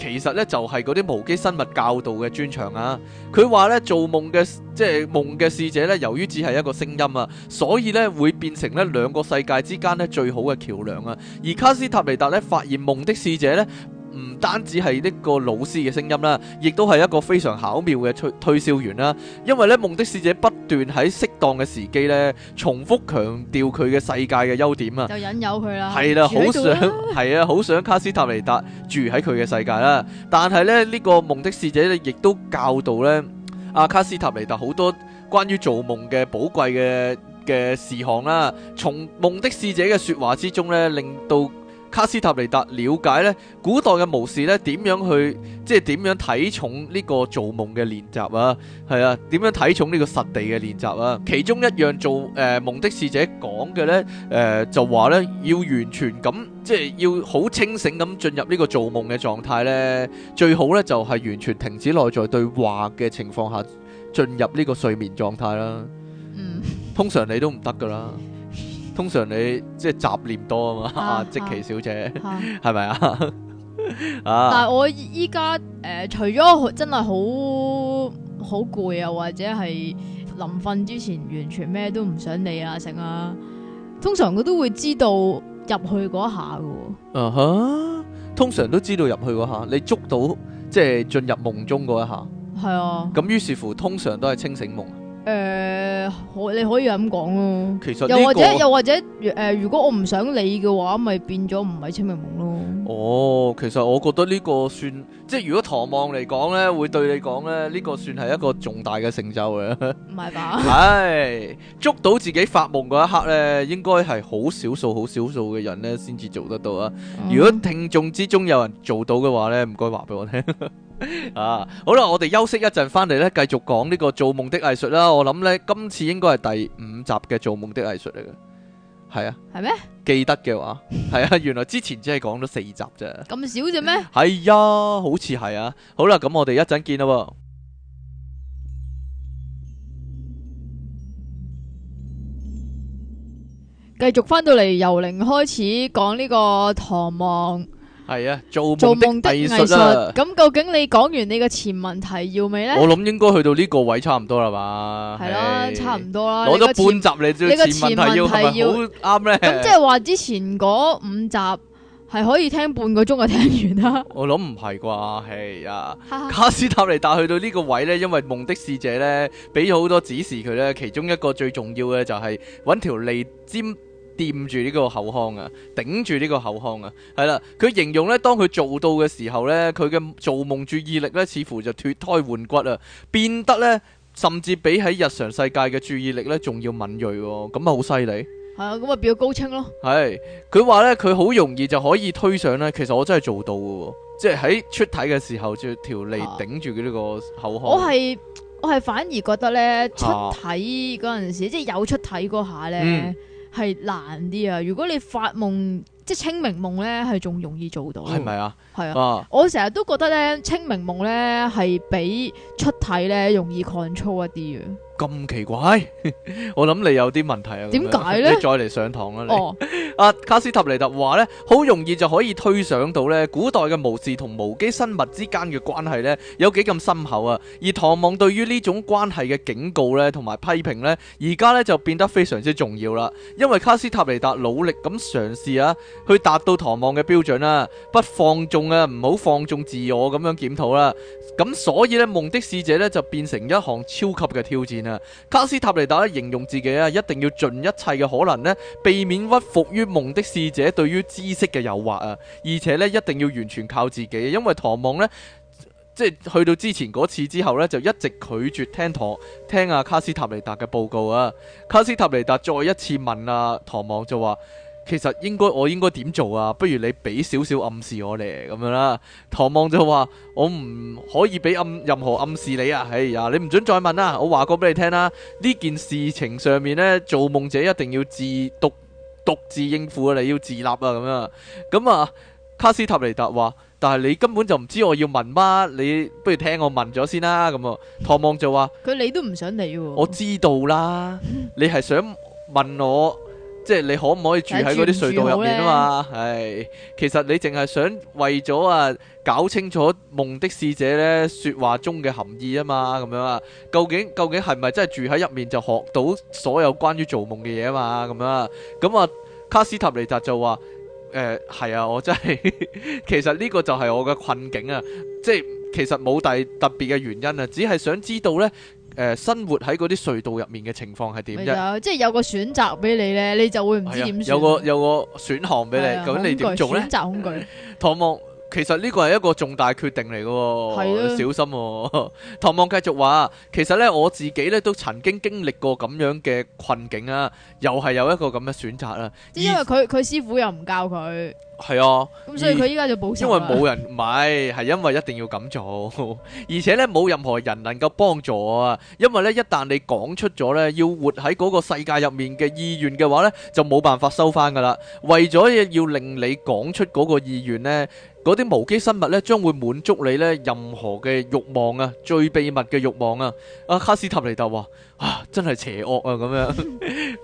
其實咧就係嗰啲無機生物教導嘅專長啊！佢話咧做夢嘅即係夢嘅使者咧，由於只係一個聲音啊，所以咧會變成咧兩個世界之間咧最好嘅橋梁啊！而卡斯塔尼達咧發現夢的使者咧。唔單止係呢個老師嘅聲音啦，亦都係一個非常巧妙嘅推推銷員啦。因為咧，夢的使者不斷喺適當嘅時機咧，重複強調佢嘅世界嘅優點啊，就引誘佢啦，係啦，好想係啊，好想卡斯塔尼達住喺佢嘅世界啦。但係咧，呢個夢的使者咧，亦都教導咧阿卡斯塔尼達好多關於做夢嘅寶貴嘅嘅事項啦。從夢的使者嘅說話之中咧，令到。卡斯塔尼達了解咧古代嘅巫師咧點樣去即係點樣睇重呢個做夢嘅練習啊，係啊，點樣睇重呢個實地嘅練習啊，其中一樣做誒夢、呃、的使者講嘅咧誒就話咧要完全咁即係要好清醒咁進入呢個做夢嘅狀態咧，最好咧就係完全停止內在對話嘅情況下進入呢個睡眠狀態啦。嗯，通常你都唔得㗎喇。通常你即係雜念多啊嘛，啊啊即奇小姐係咪啊？是是啊！啊但係我依家誒，除咗真係好好攰啊，或者係臨瞓之前完全咩都唔想理啊成啊，通常佢都會知道入去嗰下噶。嗯哼，通常都知道入去嗰下，你捉到即係進入夢中嗰一下。係是啊。咁於是乎，通常都係清醒夢。誒，可、呃、你可以咁講咯，其實又或者又或者，誒、呃，如果我唔想你嘅話，咪變咗唔係清明夢咯。哦，其實我覺得呢個算。即係如果唐望嚟講咧，會對你講咧，呢個算係一個重大嘅成就嘅，唔係吧？係捉到自己發夢嗰一刻咧，應該係好少數、好少數嘅人咧，先至做得到啊！如果聽眾之中有人做到嘅話咧，唔該話俾我聽啊！好啦，我哋休息一陣，翻嚟咧，繼續講呢個做夢的藝術啦。我諗咧，今次應該係第五集嘅做夢的藝術嚟嘅。係啊，係咩嗎？記得嘅話，係啊，原來之前只係講咗四集啫，咁少啫咩？係啊，好似係啊。好啦，咁我哋一陣見啦。繼續翻到嚟，由零開始講呢個唐望。係啊，做夢，做夢的藝術。咁究竟你講完你個前問題要未呢？我諗應該去到呢個位差唔多啦吧。係咯、啊，hey, 差唔多啦。攞咗半集嚟，你個前問題要唔啱咧？咁 [LAUGHS] 即係話之前嗰五集係可以聽半個鐘就聽完啦。我諗唔係啩？係、hey, 啊。卡 [LAUGHS] 斯塔尼達去到呢個位呢，因為夢的使者呢，俾好多指示佢呢，其中一個最重要嘅就係揾條脷尖。掂住呢個口腔啊，頂住呢個口腔啊，係啦。佢形容咧，當佢做到嘅時候咧，佢嘅做夢注意力咧，似乎就脫胎換骨啦，變得咧，甚至比喺日常世界嘅注意力咧，仲要敏銳、哦。咁啊，好犀利。係啊，咁啊，比較高清咯。係，佢話咧，佢好容易就可以推上咧。其實我真係做到嘅，即係喺出體嘅時候，就條脷頂住佢呢個口腔、啊。我係我係反而覺得咧，出體嗰陣時，啊、即係有出體嗰下咧。嗯係難啲啊！如果你發夢，即係清明夢咧，係仲容易做到。係咪啊？係啊！啊我成日都覺得咧，清明夢咧係比出體咧容易 control 一啲嘅。咁奇怪， [LAUGHS] 我諗你有啲問題啊？點解咧？ [LAUGHS] 你再嚟上堂啦，你。哦，卡斯塔尼達話呢好容易就可以推想到咧，古代嘅武士同無機生物之間嘅關係呢，有幾咁深厚啊！而唐望對於呢種關係嘅警告呢，同埋批評呢，而家呢就變得非常之重要啦。因為卡斯塔尼達努力咁嘗試啊，去達到唐望嘅標準啦、啊，不放縱啊，唔好放縱自我咁樣檢討啦。咁所以咧，夢的使者咧就變成一項超級嘅挑戰啊！卡斯塔尼達咧形容自己啊，一定要盡一切嘅可能咧，避免屈服於夢的使者對於知識嘅誘惑啊，而且呢，一定要完全靠自己，因為唐望呢，即係去到之前嗰次之後呢，就一直拒絕聽唐聽阿、啊、卡斯塔尼達嘅報告啊。卡斯塔尼達再一次問阿、啊、唐望就話。其實應該我應該點做啊？不如你俾少少暗示我嚟，咁樣啦。唐望就話我唔可以俾暗任何暗示你啊，哎呀、啊，你唔准再問啦、啊。我話過俾你聽、啊、啦，呢件事情上面呢，做夢者一定要自獨獨自應付啊，你要自立啊，咁樣。咁啊，卡斯塔尼達話，但係你根本就唔知我要問乜，你不如聽我問咗先啦、啊。咁啊，唐望就話佢 [LAUGHS] 你都唔想理喎、哦， [LAUGHS] 我知道啦，你係想問我。即係你可唔可以住喺嗰啲隧道入面啊嘛？係、哎，其實你淨係想為咗啊搞清楚夢的使者呢說話中嘅含義啊嘛，咁樣啊，究竟究竟係咪真係住喺入面就學到所有關於做夢嘅嘢啊嘛？咁樣，咁啊卡斯塔尼達就話誒係啊，我真係 [LAUGHS] 其實呢個就係我嘅困境啊，即係其實冇大特別嘅原因啊，只係想知道呢。誒、呃、生活喺嗰啲隧道入面嘅情況係點樣？即係有個選擇俾你咧，你就會唔知點算、哎。有個有個選項俾你，究竟你點做咧？選擇恐懼，唐望。 [LAUGHS] 其實呢個係一個重大決定嚟嘅，是啊、小心、啊。唐望繼續話：，其實呢，我自己呢都曾經經歷過咁樣嘅困境啊，又係有一個咁嘅選擇啦。因為佢佢師傅又唔教佢係啊，咁所以佢依家就保守。因為冇人唔係，係因為一定要咁做，而且呢，冇任何人能夠幫助啊。因為呢，一旦你講出咗呢，要活喺嗰個世界入面嘅意願嘅話呢，就冇辦法收翻噶啦。為咗要令你講出嗰個意願呢。嗰啲無機生物咧，將會滿足你咧任何嘅欲望啊，最秘密嘅欲望啊！阿、啊、卡斯塔尼特話：啊，真係邪惡啊！咁樣，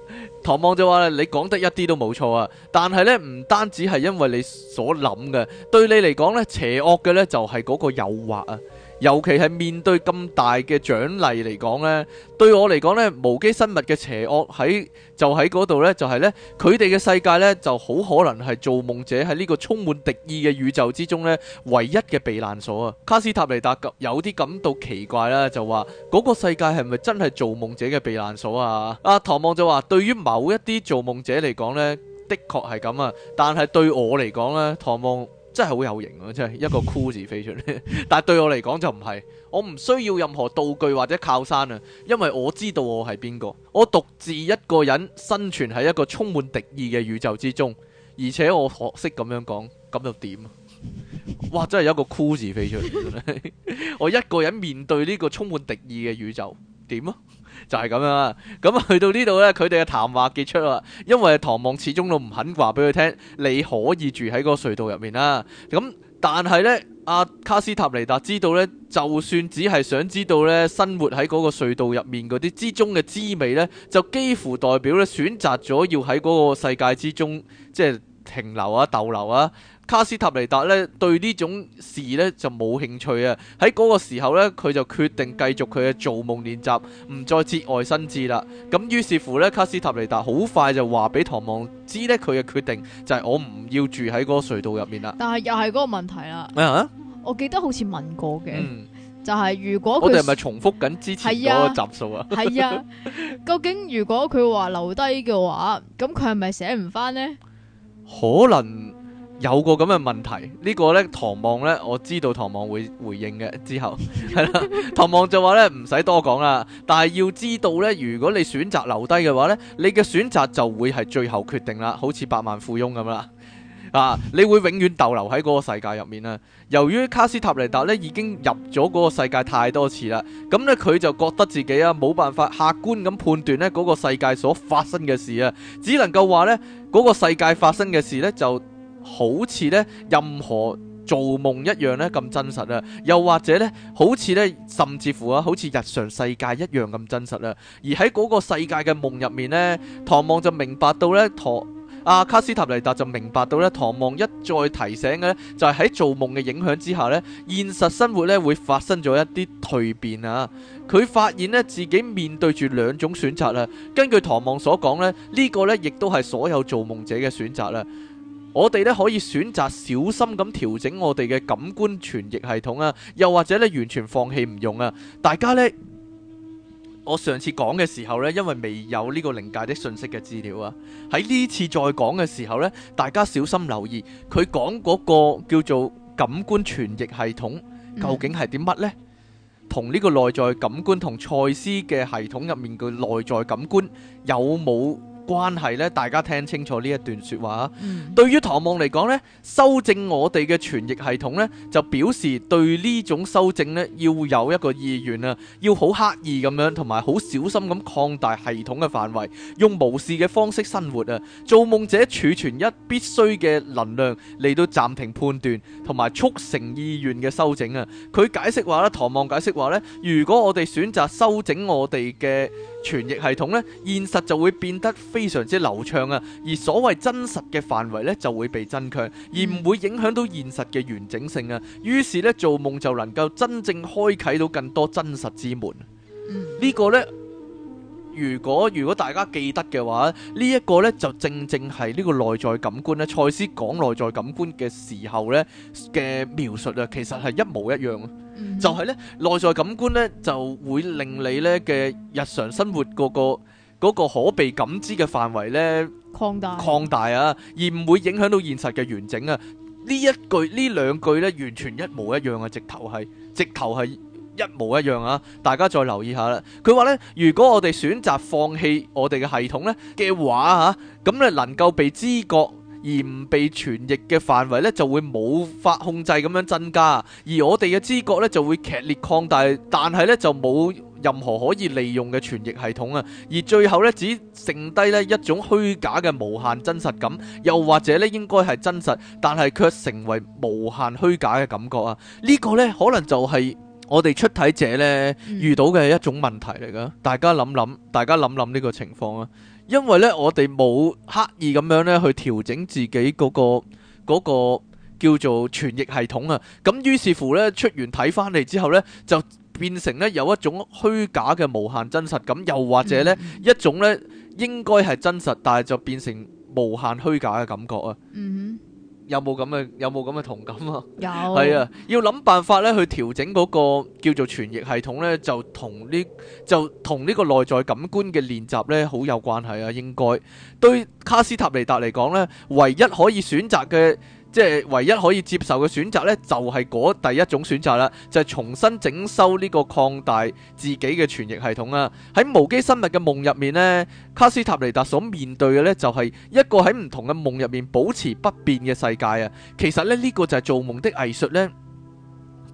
唐 [LAUGHS] 望就話：你講得一啲都冇錯啊！但係咧，唔單止係因為你所諗嘅，對你嚟講咧，邪惡嘅咧就係、是、嗰個誘惑啊！尤其係面對咁大嘅獎勵嚟講呢，對我嚟講呢，無機生物嘅邪惡喺就喺嗰度呢就係呢，佢哋嘅世界呢就好可能係造夢者喺呢個充滿敵意嘅宇宙之中呢唯一嘅避難所啊！卡斯塔尼達有啲感到奇怪啦，就話嗰個世界係咪真係造夢者嘅避難所啊？阿唐望就話，對於某一啲造夢者嚟講呢，的確係咁啊，但係對我嚟講呢，唐望。真係好有型啊！真係一個 cool 字飛出嚟，但係對我嚟講就唔係，我唔需要任何道具或者靠山啊，因為我知道我係邊個，我獨自一個人生存喺一個充滿敵意嘅宇宙之中，而且我學識咁樣講，咁又點啊？哇！真係一個 cool 字飛出嚟， [LAUGHS] 我一個人面對呢個充滿敵意嘅宇宙，點啊？就係咁樣啦，咁去到呢度呢，佢哋嘅談話結束啊，因為唐望始終都唔肯話俾佢聽，你可以住喺嗰個隧道入面啦。咁但係呢，阿、啊、卡斯塔尼達知道呢，就算只係想知道呢，生活喺嗰個隧道入面嗰啲之中嘅滋味呢，就幾乎代表呢，選擇咗要喺嗰個世界之中，即係停留啊，逗留啊。卡斯塔尼達咧對呢種事咧就冇興趣啊！喺嗰個時候咧，佢就決定繼續佢嘅做夢練習，唔再節外生枝啦。咁於是乎咧，卡斯塔尼達好快就話俾唐望知咧佢嘅決定就係我唔要住喺嗰個隧道入面啦。但係又係嗰個問題啦。咩啊？我記得好似問過嘅，嗯、就係如果我哋係咪重複緊之前嗰個集數啊？係啊。究竟如果佢話留低嘅話，咁佢係咪寫唔翻呢？可能。有個咁嘅問題，呢、呢個呢唐望呢，我知道唐望會回應嘅之後，係啦， [LAUGHS] 唐望就話呢，唔使多講啦，但係要知道呢，如果你選擇留低嘅話呢，你嘅選擇就會係最後決定啦，好似百萬富翁咁啦，啊，你會永遠逗留喺嗰個世界入面啦。由於卡斯塔尼達呢已經入咗嗰個世界太多次啦，咁呢，佢就覺得自己啊冇辦法客觀咁判斷呢嗰個世界所發生嘅事啊，只能夠話呢，嗰、嗰個世界發生嘅事呢就。好似咧，任何做夢一樣咧咁真實啊！又或者咧，好似咧，甚至乎啊，好似日常世界一樣咁真實啊！而喺嗰個世界嘅夢入面呢，唐望就明白到咧，唐阿、啊、卡斯塔尼達就明白到咧，唐望一再提醒嘅咧，就係喺做夢嘅影響之下呢，現實生活咧會發生咗一啲蛻變啊！佢發現呢，自己面對住兩種選擇啦。根據唐望所講呢，呢、這個呢，亦都係所有做夢者嘅選擇啦。我哋咧可以選擇小心咁調整我哋嘅感官傳譯系統啊，又或者咧完全放棄唔用啊。大家呢，我上次講嘅時候呢，因為未有呢個靈界的信息嘅資料啊，喺呢次再講嘅時候呢，大家小心留意，佢講嗰個叫做感官傳譯系統，究竟係啲乜呢？同呢個內在感官同賽斯嘅系統入面嘅內在感官有冇關係咧，大家聽清楚呢一段説話啊！嗯、對於唐望嚟講咧，修正我哋嘅傳譯系統咧，就表示對呢種修正咧，要有一個意願啊，要好刻意咁樣，同埋好小心咁擴大系統嘅範圍，用無視嘅方式生活啊！做夢者儲存一必須嘅能量嚟到暫停判斷，同埋促成意願嘅修整啊！佢解釋話咧，唐望解釋話咧，如果我哋選擇修整我哋嘅詮釋系統呢，現實就會變得非常之流暢啊，而所謂真實嘅範圍呢，就會被增強，而唔會影響到現實嘅完整性啊。於是呢，做夢就能夠真正開啟到更多真實之門。嗯。呢個呢。如果如果大家記得嘅話，呢一個咧就正正係呢個內在感官咧，賽斯講內在感官嘅時候咧嘅描述啊，其實係一模一樣咯。就係咧，內在感官咧就會令你咧嘅日常生活嗰個嗰個可被感知嘅範圍咧擴大擴大啊，而唔會影響到現實嘅完整啊。呢一句呢兩句咧完全一模一樣啊，直頭係直頭係。一模一樣啊！大家再留意下啦。佢話呢，如果我哋選擇放棄我哋嘅系統呢嘅話嚇，咁呢能夠被知覺而唔被傳譯嘅範圍呢，就會冇法控制咁樣增加，而我哋嘅知覺呢，就會劇烈擴大，但係呢，就冇任何可以利用嘅傳譯系統啊。而最後呢，只剩低呢一種虛假嘅無限真實感，又或者呢應該係真實，但係卻成為無限虛假嘅感覺啊。呢個呢，可能就係。我哋出體者呢，遇到嘅一種問題嚟噶，大家諗諗，大家諗諗呢個情況啊，因為呢，我哋冇刻意咁樣呢去調整自己嗰、嗰個、嗰個叫做傳譯系統啊，咁於是乎呢，出完睇翻嚟之後呢，就變成呢有一種虛假嘅無限真實感，又或者呢，一種呢應該係真實，但係就變成無限虛假嘅感覺啊。有冇咁嘅，有冇咁嘅同感啊？ [LAUGHS] 有，係啊，要諗辦法咧去調整嗰個叫做傳譯系統咧，就同呢就同呢個內在感官嘅練習咧好有關係啊！應該對卡斯塔尼達嚟講咧，唯一可以選擇嘅。即係唯一可以接受嘅選擇呢，就係嗰第一種選擇啦，就係重新整修呢個擴大自己嘅傳譯系統啊！喺無機生物嘅夢入面呢，卡斯塔尼達所面對嘅呢，就係一個喺唔同嘅夢入面保持不變嘅世界啊！其實呢，呢個就係做夢的藝術呢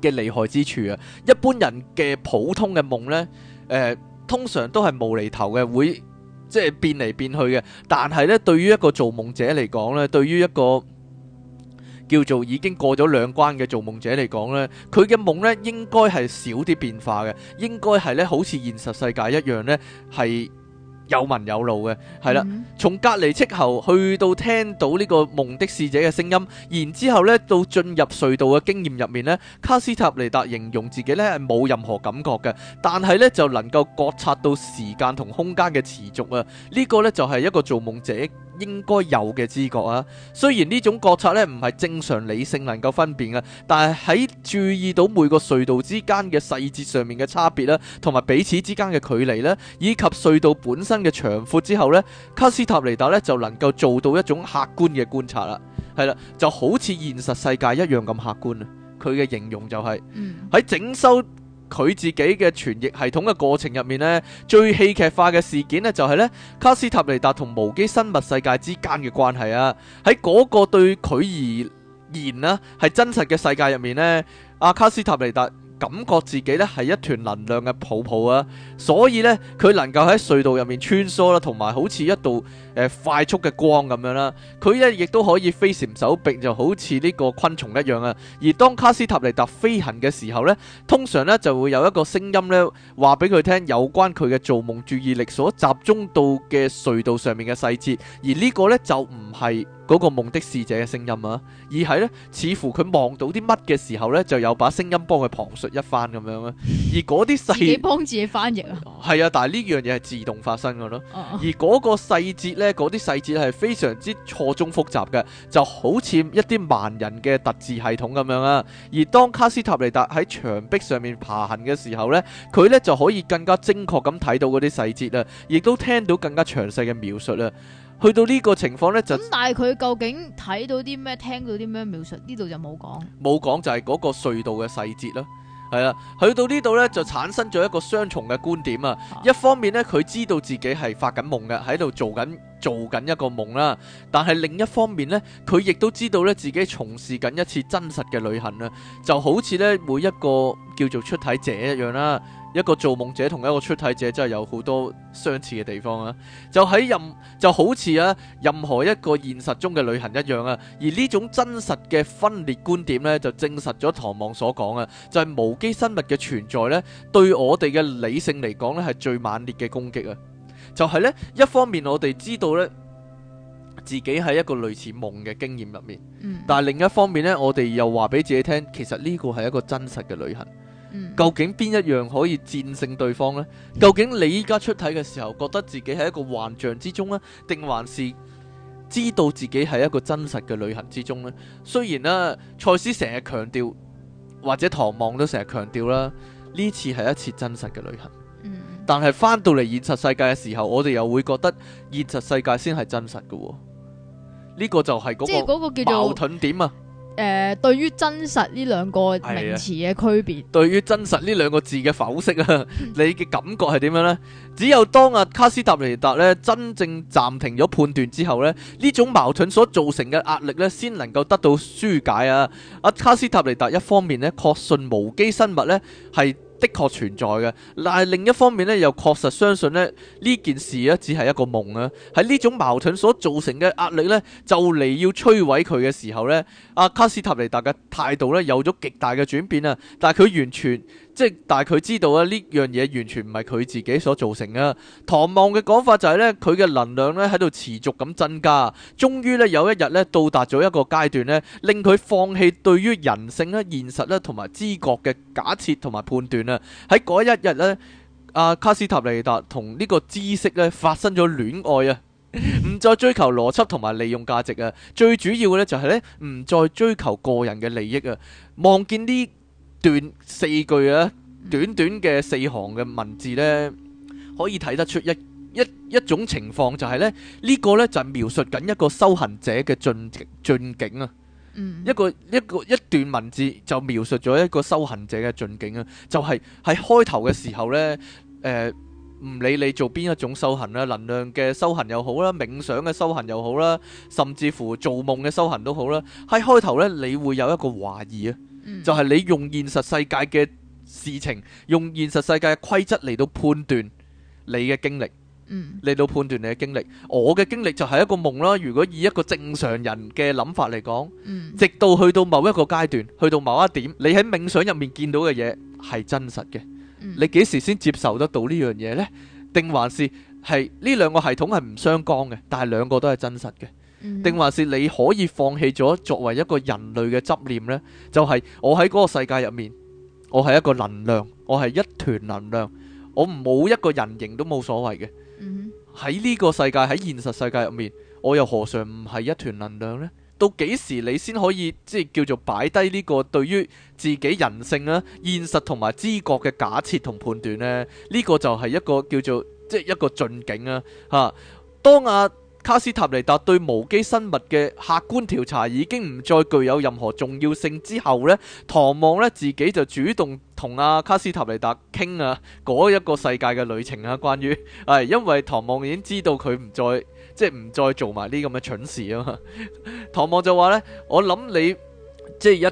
嘅厲害之處啊！一般人嘅普通嘅夢呢，誒、呃，通常都係無厘頭嘅，會即係變嚟變去嘅。但係呢，對於一個做夢者嚟講咧，對於一個叫做已經過咗兩關嘅造夢者嚟講呢，佢嘅夢呢應該係少啲變化嘅，應該係呢好似現實世界一樣呢係有紋有路嘅，係啦。從隔籬斥候去到聽到呢個夢的使者嘅聲音，然之後呢到進入隧道嘅經驗入面呢，卡斯塔尼達形容自己呢係冇任何感覺嘅，但係呢就能夠覺察到時間同空間嘅持續啊！呢個呢就係一個造夢者。應該有嘅知覺啊，雖然呢種覺察呢唔係正常理性能夠分辨嘅，但係喺注意到每個隧道之間嘅細節上面嘅差別啦，同埋彼此之間嘅距離咧，以及隧道本身嘅長闊之後呢，卡斯塔尼達呢就能夠做到一種客觀嘅觀察啦。係啦，就好似現實世界一樣咁客觀啊。佢嘅形容就係、是、喺整修佢自己嘅傳譯系統嘅過程入面呢，最戲劇化嘅事件呢，就係呢卡斯塔尼達同無機生物世界之間嘅關係啊！喺嗰個對佢而言啦，係真實嘅世界入面呢，阿卡斯塔尼達感覺自己呢係一團能量嘅泡泡啊，所以呢，佢能夠喺隧道入面穿梭啦，同埋好似一度。誒快速嘅光咁樣啦，佢咧亦都可以飛檐走壁，就好似呢個昆蟲一樣啊。而當卡斯塔尼達飛行嘅時候咧，通常咧就會有一個聲音咧話俾佢聽有關佢嘅做夢注意力所集中到嘅隧道上面嘅細節。而呢個咧就唔係嗰個夢的使者嘅聲音啊，而係咧似乎佢望到啲乜嘅時候咧，就有把聲音幫佢旁述一番咁樣啊。而嗰啲細，自己幫自己翻譯啊。係啊，但係呢樣嘢係自動發生㗎囉。而嗰個細節咧。嗰啲細節係非常之錯綜複雜嘅，就好似一啲盲人嘅特字系統咁樣啊。而當卡斯塔尼達喺牆壁上面爬行嘅時候呢，佢呢就可以更加精確咁睇到嗰啲細節啦，亦都聽到更加詳細嘅描述啦。去到呢個情況呢，就咁，但係佢究竟睇到啲咩，聽到啲咩描述？呢度就冇講，冇講就係嗰個隧道嘅細節啦。係啦，去到呢度咧就產生咗一個雙重嘅觀點啊！一方面咧佢知道自己係發緊夢嘅，喺度做緊做緊一個夢啦，但係另一方面咧佢亦都知道咧自己從事緊一次真實嘅旅行啊，就好似咧每一個叫做出體者一樣啦。一個做夢者同一個出體者真係有好多相似嘅地方啊。就喺任就好似啊任何一個現實中嘅旅行一樣啊，而呢種真實嘅分裂觀點呢，就證實咗唐望所講啊，就係無機生物嘅存在呢，對我哋嘅理性嚟講呢，係最猛烈嘅攻擊啊！就係呢，一方面我哋知道呢，自己喺一個類似夢嘅經驗入面，嗯，但係另一方面呢，我哋又話俾自己聽，其實呢個係一個真實嘅旅行。究竟邊一樣可以戰勝對方呢？究竟你依家出體嘅時候，覺得自己喺一個幻象之中呢？定還是知道自己係一個真實嘅旅行之中呢？雖然呢，蔡司成日強調，或者唐望都成日強調啦，呢次係一次真實嘅旅行。嗯。但係翻到嚟現實世界嘅時候，我哋又會覺得現實世界先係真實嘅。哦。呢、這個就係嗰個矛盾點啊！誒、呃，對於真實呢兩個名詞嘅區別對、啊，對於真實呢兩個字嘅剖析，啊， [LAUGHS] 你嘅感覺係點樣呢？只有當阿、啊、卡斯塔尼達咧真正暫停咗判斷之後咧，呢種矛盾所造成嘅壓力咧，先能夠得到紓解啊！阿、啊、卡斯塔尼達一方面咧，確信無機生物咧係。的確存在嘅，但係，另一方面咧，又確實相信咧呢件事咧只係一個夢啊！喺呢種矛盾所造成嘅壓力咧，就嚟要摧毀佢嘅時候咧，阿卡斯塔尼達嘅態度咧有咗極大嘅轉變啊！但係佢完全。即係，但係佢知道啊，呢樣嘢完全唔係佢自己所造成啊。唐望嘅講法就係呢，佢嘅能量咧喺度持續咁增加，終於咧有一日呢，到達咗一個階段呢，令佢放棄對於人性咧、現實咧同埋知覺嘅假設同埋判斷啊。喺嗰一日呢，阿卡斯塔尼達同呢個知識咧發生咗戀愛啊，唔 [LAUGHS] 再追求邏輯同埋利用價值啊，最主要嘅呢就係呢，唔再追求個人嘅利益啊，望見呢。段四句啊，短短嘅四行嘅文字呢，可以睇得出一一一種情況、就是，這個、就係咧呢個呢就描述緊一個修行者嘅進進境啊！一個一個一段文字就描述咗一個修行者嘅進境啊！就係、是、喺開頭嘅時候呢，誒、呃、唔理你做邊一種修行啦，能量嘅修行又好啦，冥想嘅修行又好啦，甚至乎做夢嘅修行都好啦，喺開頭呢，你會有一個懷疑啊！就係你用現實世界嘅事情，用現實世界嘅規則嚟到判斷你嘅經歷，嚟到判斷你嘅經歷。嗯、我嘅經歷就係一個夢啦。如果以一個正常人嘅諗法嚟講，嗯、直到去到某一個階段，去到某一點，你喺冥想入面見到嘅嘢係真實嘅。嗯、你幾時先接受得到呢樣嘢呢？定還是係呢兩個系統係唔相干嘅，但係兩個都係真實嘅。定還是你可以放棄咗作為一個人類嘅執念呢？就係、是、我喺嗰個世界入面，我係一個能量，我係一團能量，我冇一個人形都冇所謂嘅。喺呢個世界，喺現實世界入面，我又何嘗唔係一團能量呢？到幾時你先可以即係叫做擺低呢個對於自己人性啊、現實同埋知覺嘅假設同判斷呢？呢、這個就係一個叫做即係一個進境啊！吓，當阿、啊。卡斯塔尼達對無機生物嘅客觀調查已經唔再具有任何重要性之後呢，唐望呢自己就主動同阿、啊、卡斯塔尼達傾啊，嗰一個世界嘅旅程啊，關於係、哎、因為唐望已經知道佢唔再即係唔再做埋呢咁嘅蠢事啊嘛。 [LAUGHS] 唐望就話呢，我諗你即係、就是、一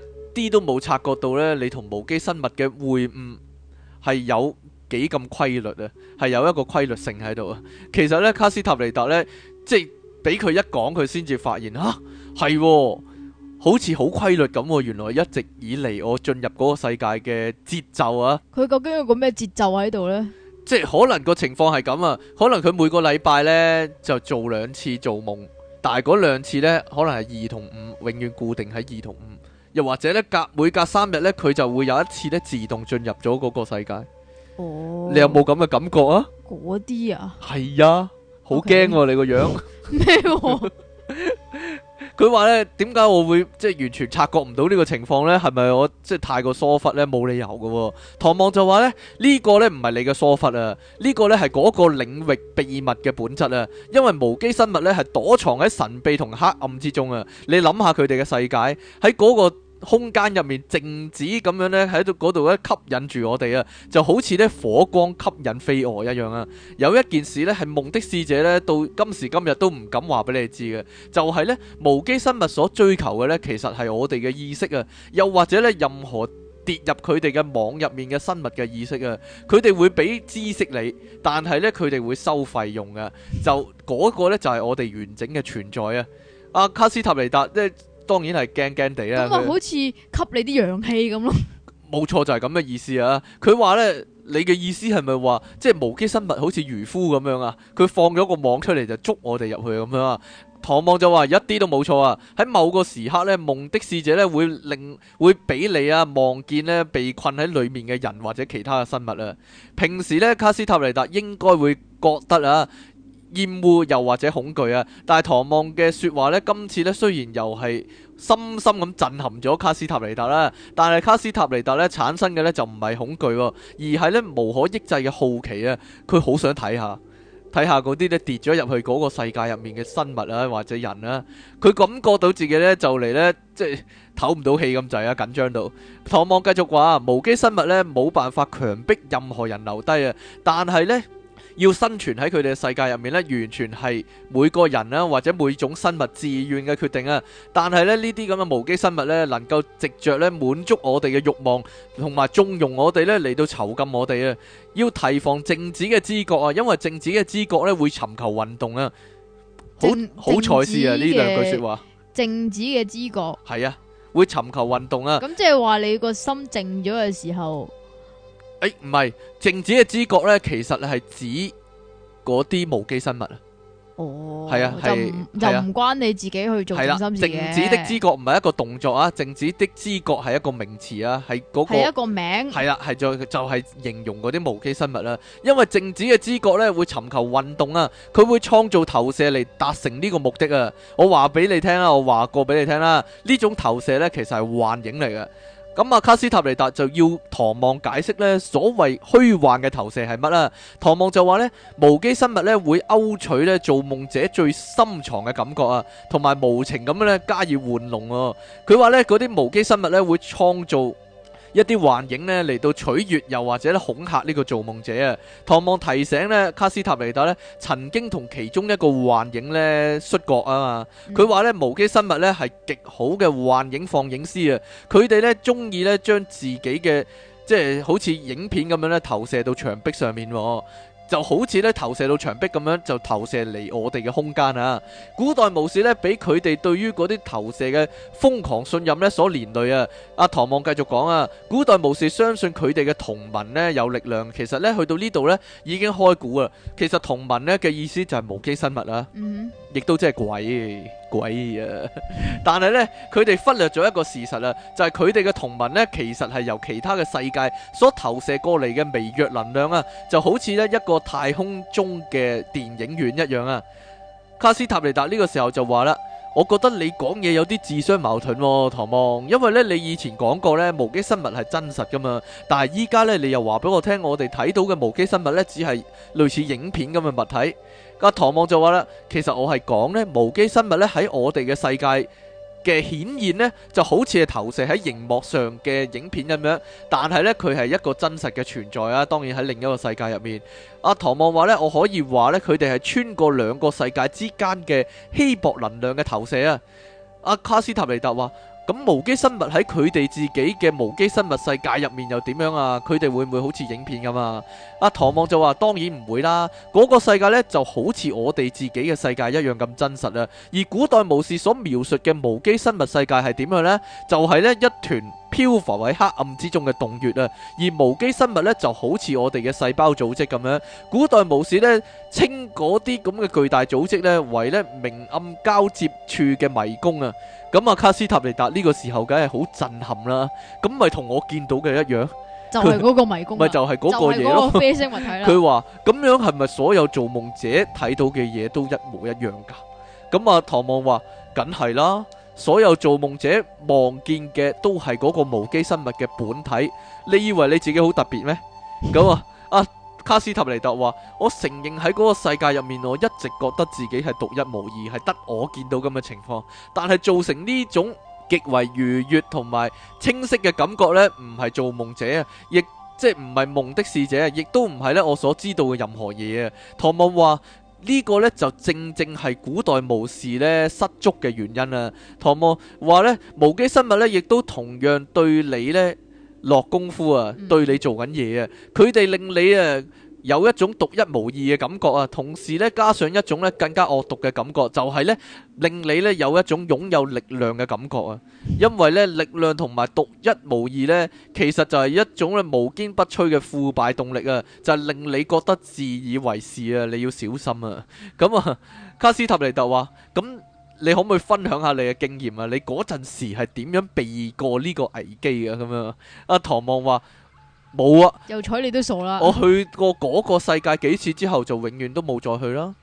啲都冇察覺到呢。你同無機生物嘅會晤係有幾咁規律啊，係有一個規律性喺度啊。其實呢，卡斯塔尼達呢。即係俾佢一講，佢先至發現，吓，係喎，好似好規律咁喎。原來一直以嚟我進入嗰個世界嘅節奏啊！佢究竟有個咩節奏喺度呢？即係可能個情況係咁啊！可能佢每個禮拜呢就做兩次做夢，但係嗰兩次呢可能係二同五，永遠固定喺二同五。又或者呢，隔每隔三日呢，佢就會有一次呢自動進入咗嗰個世界。哦！Oh, 你有冇咁嘅感覺啊？嗰啲啊，係呀。好驚，你個樣咩？佢話呢，點解我會即係完全察覺唔到呢個情況呢？係咪我即係太過疏忽呢？冇理由㗎。唐望就話呢，呢個呢唔係你嘅疏忽啊，呢個呢係嗰個領域秘密嘅本質啊。因為無機生物呢係躲藏喺神秘同黑暗之中啊。你諗下佢哋嘅世界喺嗰個空間入面靜止咁樣呢，喺度嗰度咧吸引住我哋啊，就好似呢火光吸引飛蛾一樣啊。有一件事呢，係夢的使者呢，到今時今日都唔敢話俾你知嘅，就係呢無機生物所追求嘅呢，其實係我哋嘅意識啊，又或者呢任何跌入佢哋嘅網入面嘅生物嘅意識啊，佢哋會俾知識你，但係呢，佢哋會收費用嘅，就嗰個咧就係我哋完整嘅存在啊。阿卡斯塔尼達即當然係驚驚地啦，咁好似吸你啲陽氣咁咯。冇 [LAUGHS] 錯，就係咁嘅意思啊！佢話呢，你嘅意思係咪話，即係無機生物好似漁夫咁樣啊？佢放咗個網出嚟就捉我哋入去咁樣啊？唐望就話一啲都冇錯啊！喺某個時刻呢，夢的使者呢會令會俾你啊望見呢被困喺裡面嘅人或者其他嘅生物啊！平時呢，卡斯塔尼達應該會覺得啊。厭惡又或者恐懼啊！但係唐望嘅說話咧，今次咧雖然又係深深咁震撼咗卡斯塔尼達啦，但係卡斯塔尼達咧產生嘅咧就唔係恐懼，而係咧無可抑制嘅好奇啊！佢好想睇下睇下嗰啲咧跌咗入去嗰個世界入面嘅生物啊，或者人啊，佢感覺到自己咧就嚟咧即係唞唔到氣咁滯啊，緊張到唐望繼續話：無機生物咧冇辦法強迫任何人留低啊！但係咧。要生存喺佢哋嘅世界入面呢，完全係每個人啊，或者每種生物自願嘅決定啊。但係咧呢啲咁嘅無機生物呢，能夠藉著呢滿足我哋嘅慾望，同埋縱容我哋呢嚟,到囚禁我哋啊。要提防靜止嘅知覺啊，因為靜止嘅知覺呢會尋求運動啊。好好才智啊！呢兩句說話。靜止嘅知覺。係啊，會尋求運動啊。咁即係話你個心靜咗嘅時候。誒，唔係靜止嘅知覺呢，其實咧係指嗰啲無機生物、哦、啊。哦不，係啊，就就唔關你自己去做善心事嘅。靜、啊、止的知覺唔係一個動作啊，靜止的知覺係一個名詞啊，係嗰、嗰個係一個名。係啦、啊，係就就係、係、形容嗰啲無機生物啦、啊。因為靜止嘅知覺呢，會尋求運動啊，佢會創造投射嚟達成呢個目的啊。我話俾你聽啊，我話過俾你聽啦，呢種投射呢，其實係幻影嚟嘅。咁啊，卡斯塔尼達就要唐望解釋咧所謂虛幻嘅投射係乜啦？唐望就話咧無機生物咧會勾取咧做夢者最深藏嘅感覺啊，同埋無情咁樣咧加以玩弄。佢話咧嗰啲無機生物咧會創造。一啲幻影咧嚟到取悅，又或者咧恐嚇呢個造夢者啊，唐望提醒咧卡斯塔尼達咧，曾經同其中一個幻影咧摔角啊嘛。佢話咧無機生物咧係極好嘅幻影放映師啊，佢哋咧中意咧將自己嘅即係好似影片咁樣咧投射到牆壁上面。就好似咧投射到牆壁咁樣，就投射嚟我哋嘅空間啊！古代巫師咧，俾佢哋對於嗰啲投射嘅瘋狂信任咧所連累啊！阿唐望繼續講啊，古代巫師相信佢哋嘅同盟咧有力量，其實咧去到呢度咧已經開估啦。其實同盟咧嘅意思就係無機生物啦、啊。Mm hmm. 亦都真係鬼鬼啊！ [LAUGHS] 但係呢，佢哋忽略咗一個事實啊，就係佢哋嘅同盟呢，其實係由其他嘅世界所投射過嚟嘅微弱能量啊，就好似呢一個太空中嘅電影院一樣啊！卡斯塔尼達呢個時候就話啦：我覺得你講嘢有啲自相矛盾哦，唐望，因為呢，你以前講過呢，無機生物係真實噶嘛，但係依家呢，你又話俾我聽，我哋睇到嘅無機生物呢，只係類似影片咁嘅物體。阿唐望就話啦，其實我係講呢，無機生物呢喺我哋嘅世界嘅顯現呢，就好似係投射喺熒幕上嘅影片咁樣，但係呢，佢係一個真實嘅存在啊。當然喺另一個世界入面，阿唐望話呢，我可以話呢，佢哋係穿過兩個世界之間嘅稀薄能量嘅投射啊。阿卡斯塔尼達話。咁無機生物喺佢哋自己嘅無機生物世界入面又點樣啊？佢哋會唔會好似影片咁啊？阿唐望就話：當然唔會啦，嗰個世界呢就好似我哋自己嘅世界一樣咁真實啊。而古代巫師所描述嘅無機生物世界係點樣呢？就係呢一團漂浮喺黑暗之中嘅洞穴啊。而無機生物呢就好似我哋嘅細胞組織咁樣。古代巫師呢稱嗰啲咁嘅巨大組織呢為呢明暗交接處嘅迷宮啊。咁啊，卡斯塔尼達呢個時候，梗係好震撼啦！咁咪同我見到嘅一樣，就係嗰個迷宮，咪就係嗰個嘢咯。佢話咁樣係咪所有做夢者睇到嘅嘢都一模一樣噶？咁啊，唐望話：梗係啦，所有做夢者望見嘅都係嗰個無機生物嘅本體。你以為你自己好特別咩？咁啊，啊！卡斯塔尼特話：我承認喺嗰個世界入面，我一直覺得自己係獨一無二，係得我見到咁嘅情況。但係造成呢種極為愉悦同埋清晰嘅感覺呢，唔係做夢者，亦即係唔係夢的使者，亦都唔係咧我所知道嘅任何嘢啊。唐望話呢個呢就正正係古代巫師咧失足嘅原因啦。唐望話呢無機生物呢，亦都同樣對你呢。」落功夫啊，對你做緊嘢啊，佢哋令你啊有一種獨一無二嘅感覺啊，同時咧加上一種咧更加惡毒嘅感覺，就係咧令你咧有一種擁有力量嘅感覺啊，因為咧力量同埋獨一無二咧，其實就係一種咧無堅不摧嘅腐敗動力啊，就係令你覺得自以為是啊，你要小心啊，咁啊卡斯塔尼特話咁。你可唔可以分享下你嘅經驗啊？你嗰陣時係點樣避過呢個危機啊？咁樣，阿唐望話冇啊，又睬你都傻啦！我去過嗰個世界幾次之後，就永遠都冇再去啦。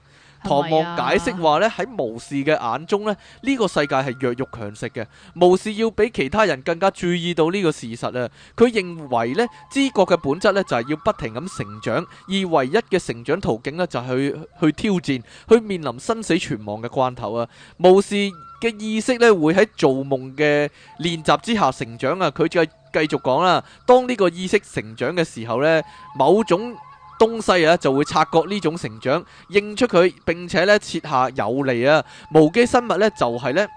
唐望解釋話咧，喺巫士嘅眼中咧呢、呢個世界係弱肉強食嘅，巫士要比其他人更加注意到呢個事實啊！佢認為呢，知覺嘅本質呢，就係要不停咁成長，而唯一嘅成長途徑呢，就係去挑戰，去面臨生死存亡嘅關頭啊！巫士嘅意識呢，會喺造夢嘅練習之下成長啊！佢再繼續講啦，當呢個意識成長嘅時候呢，某種。東西啊，就會察覺呢種成長，認出佢，並且呢設下有利啊。無機生物呢，就係呢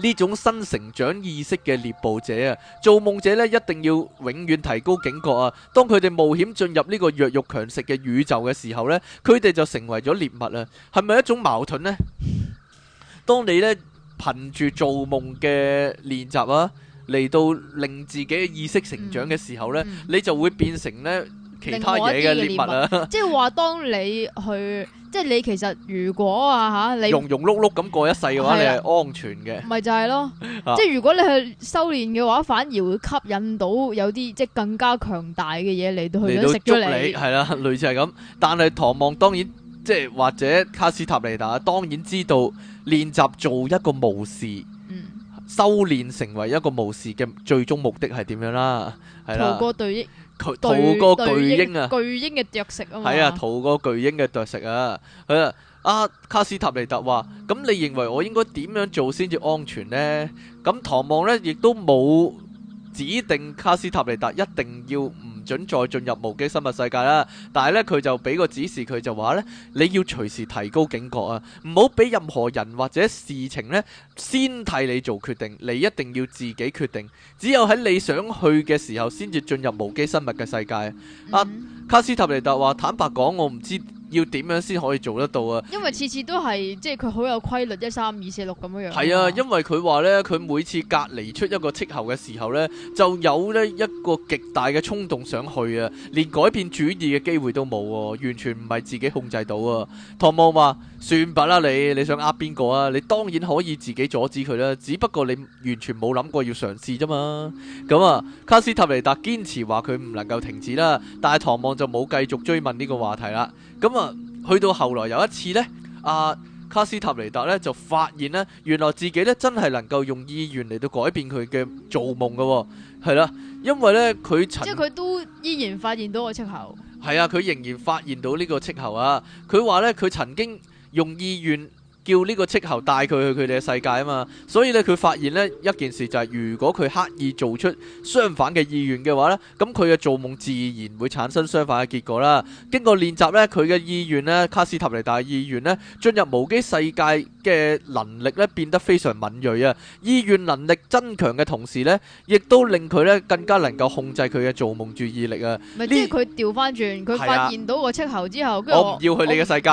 呢種新成長意識嘅獵捕者啊。做夢者呢，一定要永遠提高警覺啊。當佢哋冒險進入呢個弱肉強食嘅宇宙嘅時候呢，佢哋就成為咗獵物啊。係咪一種矛盾呢？當你呢，憑住做夢嘅練習啊，嚟到令自己意識成長嘅時候呢，嗯、你就會變成呢。其他嘅獵物 [LAUGHS] 即係話當你去，即係你其實如果啊吓 [LAUGHS] 你，庸庸碌碌咁過一世嘅話，你係安全嘅，咪啦 [LAUGHS] 就係咯。即係如果你去修煉嘅話，反而會吸引到有啲即係更加強大嘅嘢嚟到去想食咗你，係啦，類似係咁。但係唐望當然，即係、嗯、或者卡斯塔尼達當然知道練習做一個武士，嗯、修煉成為一個武士嘅最終目的係點樣啦，係啦，透過對應。嗯 [LAUGHS] [LAUGHS] 逃過巨鷹啊！巨鷹嘅啄食啊！嘛，係啊，逃過巨鷹嘅啄食啊！係啊，啊卡斯塔尼達話，咁、嗯、你認為我應該點樣做先至安全咧？咁唐望咧亦都冇指定卡斯塔尼達一定要唔。準再進入無機生物世界啦，但係咧佢就俾個指示，佢就話咧，你要隨時提高警覺啊，唔好俾任何人或者事情咧先替你做決定，你一定要自己決定，只有喺你想去嘅時候先至進入無機生物嘅世界。阿、啊、卡斯塔尼特話，坦白講，我唔知。要點樣先可以做得到、就是、13, 24, 啊？因為次次都係即係佢好有規律，一三二四六咁樣樣。係啊，因為佢話呢，佢每次隔離出一個績候嘅時候呢，就有呢一個極大嘅衝動想去啊，連改變主意嘅機會都冇，完全唔係自己控制到啊。唐望話。算吧啦，你你想呃邊個啊？你當然可以自己阻止佢啦、啊，只不過你完全冇諗過要嘗試啫嘛。咁啊，卡斯塔尼達堅持話佢唔能夠停止啦，但係唐望就冇繼續追問呢個話題啦。咁啊，去到後來有一次呢，阿、啊、卡斯塔尼達呢就發現呢，原來自己呢真係能夠用意願嚟到改變佢嘅做夢噶、啊，係啦、啊，因為呢，佢曾即係佢都依然發現到個斥候係啊，佢仍然發現到呢個斥候啊。佢話呢，佢曾經。用意願叫呢個斥候帶佢去佢哋嘅世界啊嘛，所以咧佢發現呢一件事就係，如果佢刻意做出相反嘅意願嘅話呢，咁佢嘅做夢自然會產生相反嘅結果啦。經過練習呢，佢嘅意願呢，卡斯塔尼達意願呢，進入無機世界，嘅能力咧變得非常敏銳啊！意願能力增強嘅同時咧，亦都令佢咧更加能夠控制佢嘅做夢注意力啊！是這即係佢調翻轉，佢發現到個出口之後，後我唔要去你嘅世界，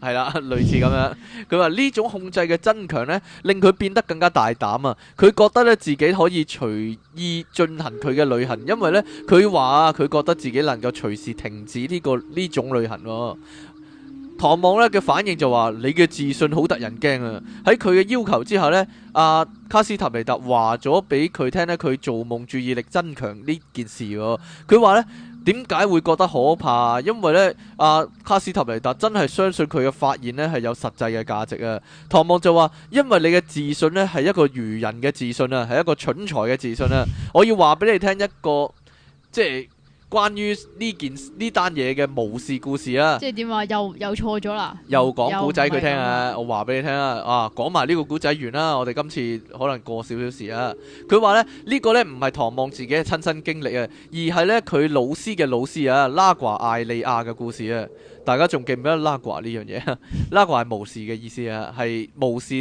係啦，是的 [LAUGHS] 類似咁樣。佢話呢種控制嘅增強咧，令佢變得更加大膽啊！佢覺得咧自己可以隨意進行佢嘅旅行，因為咧佢話佢覺得自己能夠隨時停止呢、這個呢種旅行啊。唐望呢嘅反應就話：你嘅自信好得人驚啊！喺佢嘅要求之下呢，阿卡斯塔尼達話咗俾佢聽呢佢做夢注意力增強呢件事喎。佢話呢點解會覺得可怕？因為呢，阿卡斯塔尼達真係相信佢嘅發現呢係有實際嘅價值啊！唐望就話：因為你嘅自信呢係一個愚人嘅自信啊，係一個蠢才嘅自信啊！我要話俾你聽一個，即係。關於呢件呢單嘢嘅無事故事啊，即係點話又又錯咗啦？又講古仔佢聽啊！啊我話俾你聽啊！啊，講埋呢個古仔完啦、啊！我哋今次可能過少少事啊！佢話咧呢個呢，唔係唐望自己嘅親身經歷啊，而係呢佢老師嘅老師啊，拉掛艾利亞嘅故事啊！大家仲記唔記得拉掛呢樣嘢？拉掛係無事嘅意思啊，係無事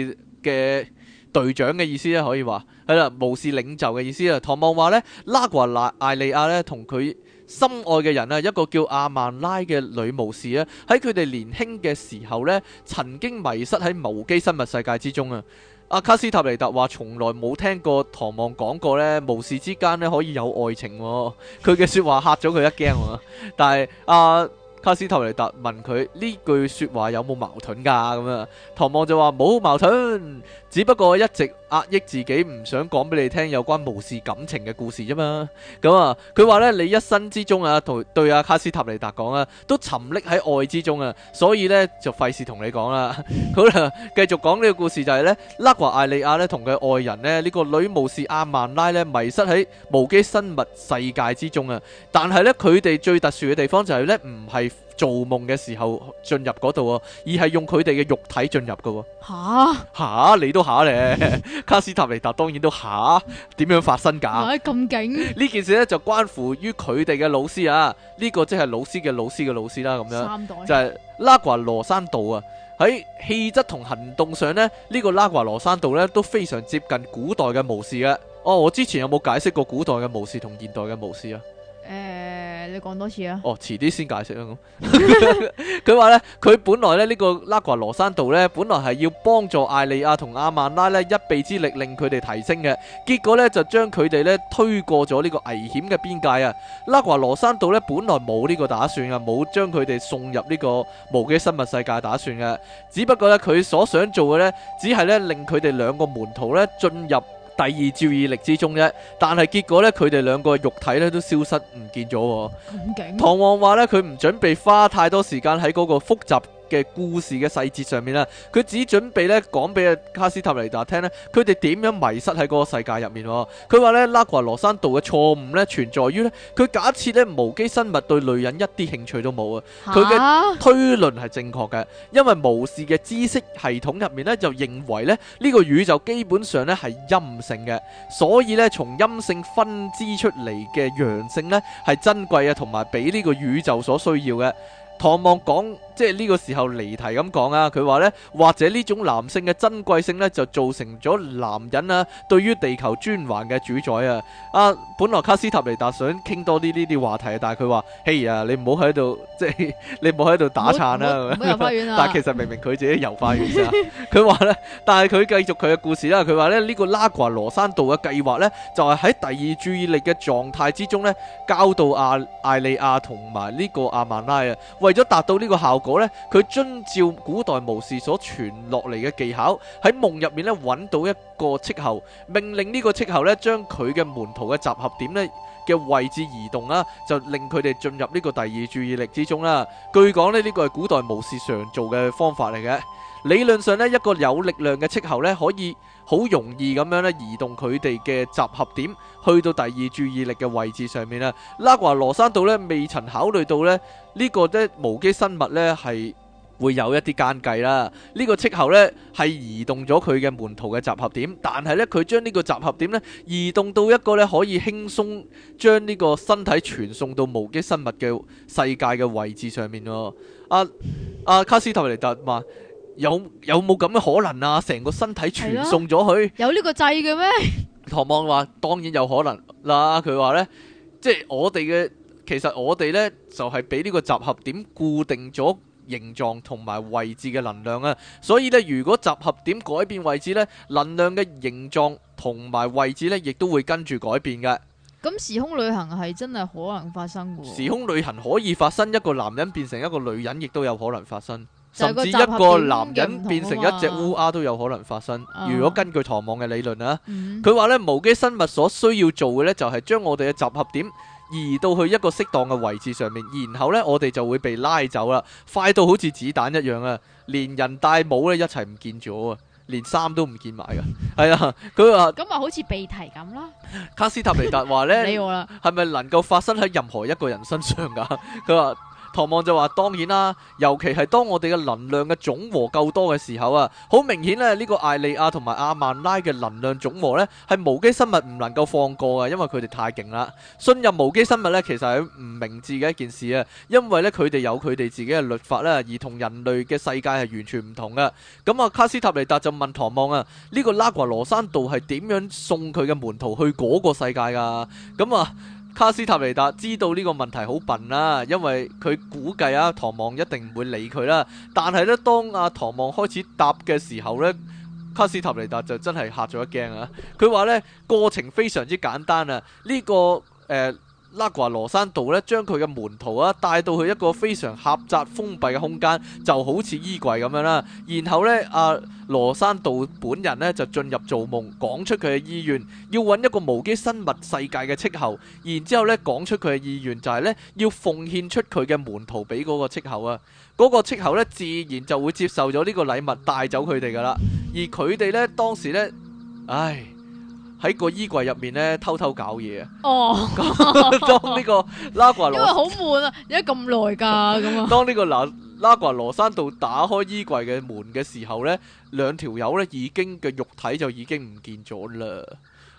嘅隊長嘅意思咧、啊，可以話係啦，無事領袖嘅意思啊！唐望話咧，拉掛艾利亞呢，同佢。心愛嘅人啊，一個叫阿曼拉嘅女巫士咧，喺佢哋年輕嘅時候咧，曾經迷失喺無機生物世界之中啊。阿卡斯塔尼達話從來冇聽過唐望講過咧，巫士之間咧可以有愛情。佢嘅說話嚇咗佢一驚啊。但係阿卡斯塔尼達問佢呢句說話有冇矛盾噶咁啊？唐望就話冇矛盾。只不過一直壓抑自己唔想講俾你聽有關無視感情嘅故事啫嘛，咁啊佢話咧，你一生之中啊，同對阿卡斯塔尼達講啊，都沉溺喺愛之中啊，所以咧就費事同你講啦，好啦，繼續講呢個故事就係咧，拉華艾利亞咧同佢愛人咧，呢個女巫士阿曼拉咧迷失喺無機生物世界之中啊，但係咧佢哋最特殊嘅地方就係咧唔係。做夢嘅時候進入嗰度，而係用佢哋嘅肉體進入嘅。吓吓，你都吓咧？卡斯塔尼達當然都吓。點樣發生噶？咁勁呢件事咧就關乎於佢哋嘅老師啊！呢個即係老師嘅老師嘅老師啦，咁樣。三代就係拉瓜羅山道啊！喺氣質同行動上咧，呢個拉瓜羅山道咧都非常接近古代嘅巫師嘅。哦，我之前有冇解釋過古代嘅巫師同現代嘅巫師啊？誒。你講多次啊！哦，遲啲先解釋啊！咁佢話咧，佢本來咧呢個拉瓜羅山道咧，本來係要幫助艾利亞同阿曼拉咧一臂之力令佢哋提升嘅，結果咧就將佢哋咧推過咗呢個危險嘅邊界啊！拉瓜羅山道咧本來冇呢個打算啊，冇將佢哋送入呢個無機生物世界打算嘅，只不過咧佢所想做嘅咧，只係咧令佢哋兩個門徒咧進入。第二注意力之中啫，但係結果咧，佢哋兩個肉體咧都消失唔見咗。咁勁！唐望話咧，佢唔準備花太多時間喺嗰個複雜嘅故事嘅細節上面咧，佢只準備咧講俾啊卡斯塔尼達聽咧，佢哋點樣迷失喺嗰個世界入面，哦。佢話呢拉格羅山道嘅錯誤咧存在於咧，佢假設咧無機生物對女人一啲興趣都冇啊。佢嘅推論係正確嘅，因為無視嘅知識系統入面咧就認為咧呢，呢個宇宙基本上咧係陰性嘅，所以呢從陰性分支出嚟嘅陽性咧係珍貴啊，同埋俾呢個宇宙所需要嘅。唐望講即係呢個時候離題咁講啊，佢話呢，或者呢種男性嘅珍貴性呢，就造成咗男人啊對於地球專橫嘅主宰啊啊！本來卡斯塔尼達想傾多啲呢啲話題，但係佢話：嘿啊，你唔好喺度即係你唔好喺度打岔啦。唔好遊花園啊！ [LAUGHS] 但其實明明佢自己遊花園啊。佢話 [LAUGHS] 呢，但係佢繼續佢嘅故事啦。佢話呢，呢、這個拉羣羅山道嘅計劃呢，就係、是、喺第二注意力嘅狀態之中呢，交到阿艾莉亞同埋呢個阿曼拉啊。欸為咗達到呢個效果咧，佢遵照古代巫師所傳落嚟嘅技巧，喺夢入面咧揾到一個斥候，命令呢個斥候咧將佢嘅門徒嘅集合點咧嘅位置移動啊，就令佢哋進入呢個第二注意力之中啦。據講咧呢個係古代巫師常做嘅方法嚟嘅，理論上咧一個有力量嘅斥候咧可以。好容易咁樣咧，移動佢哋嘅集合點去到第二注意力嘅位置上面啦。拉華羅山道呢，未曾考慮到呢，呢個咧無機生物呢係會有一啲奸計啦。呢、呢個斥候呢係移動咗佢嘅門徒嘅集合點，但係呢，佢將呢個集合點呢移動到一個呢，可以輕鬆將呢個身體傳送到無機生物嘅世界嘅位置上面喎。阿、啊、阿、啊、卡斯塔尼達。話。有有冇咁嘅可能啊？成個身體傳送咗去，有呢個掣嘅咩？唐望話：當然有可能啦。佢話咧，即係我哋嘅，其實我哋咧就係俾呢個集合點固定咗形狀同埋位置嘅能量啊。所以咧，如果集合點改變位置咧，能量嘅形狀同埋位置咧，亦都會跟住改變嘅。咁時空旅行係真係可能發生嘅。時空旅行可以發生，一個男人變成一個女人，亦都有可能發生。甚至一個男人變成一隻烏鴉都有可能發生。啊、如果根據唐望嘅理論啊，佢話咧無機生物所需要做嘅咧就係將我哋嘅集合點移到去一個適當嘅位置上面，然後咧我哋就會被拉走啦，快到好似子彈一樣啊！連人帶帽咧一齊唔見咗 [LAUGHS] 啊，連衫都唔見埋噶。係啊，佢話咁啊，好似鼻涕咁啦。卡斯塔尼達話咧，係咪 [LAUGHS] 能夠發生喺任何一個人身上噶？佢 [LAUGHS] 話。唐望就話：當然啦，尤其係當我哋嘅能量嘅總和夠多嘅時候啊，好明顯咧，呢個艾利亞同埋阿曼拉嘅能量總和咧，係無機生物唔能夠放過啊，因為佢哋太勁啦。信任無機生物咧，其實係唔明智嘅一件事啊，因為咧佢哋有佢哋自己嘅律法咧，而同人類嘅世界係完全唔同嘅。咁啊，卡斯塔尼達就問唐望啊：呢個拉瓜羅山道係點樣送佢嘅門徒去嗰個世界噶？咁啊？卡斯塔尼達知道呢個問題好笨啦、啊，因為佢估計啊，唐望一定唔會理佢啦、啊。但係咧，當阿唐望開始答嘅時候咧，卡斯塔尼達就真係吓咗一驚啊！佢話呢，過程非常之簡單啊，呢、這個誒。呃拉瓜羅山道咧，將佢嘅門徒啊帶到去一個非常狹窄封閉嘅空間，就好似衣櫃咁樣啦、啊。然後呢，阿羅山道本人咧就進入做夢，講出佢嘅意願，要揾一個無機生物世界嘅斥候。然之後咧，講出佢嘅意願就係呢，要奉獻出佢嘅門徒俾嗰個斥候啊。嗰、那個斥候咧，自然就會接受咗呢個禮物，帶走佢哋噶啦。而佢哋呢，當時呢……唉。喺個衣櫃入面咧偷偷搞嘢、oh. [LAUGHS] [LAUGHS] 啊！哦、啊， [LAUGHS] 當呢個拉瓜羅因為好悶啊，而家咁耐噶咁啊。當呢個拉拉瓜羅山度打開衣櫃嘅門嘅時候咧，兩條友咧已經嘅肉體就已經唔見咗啦，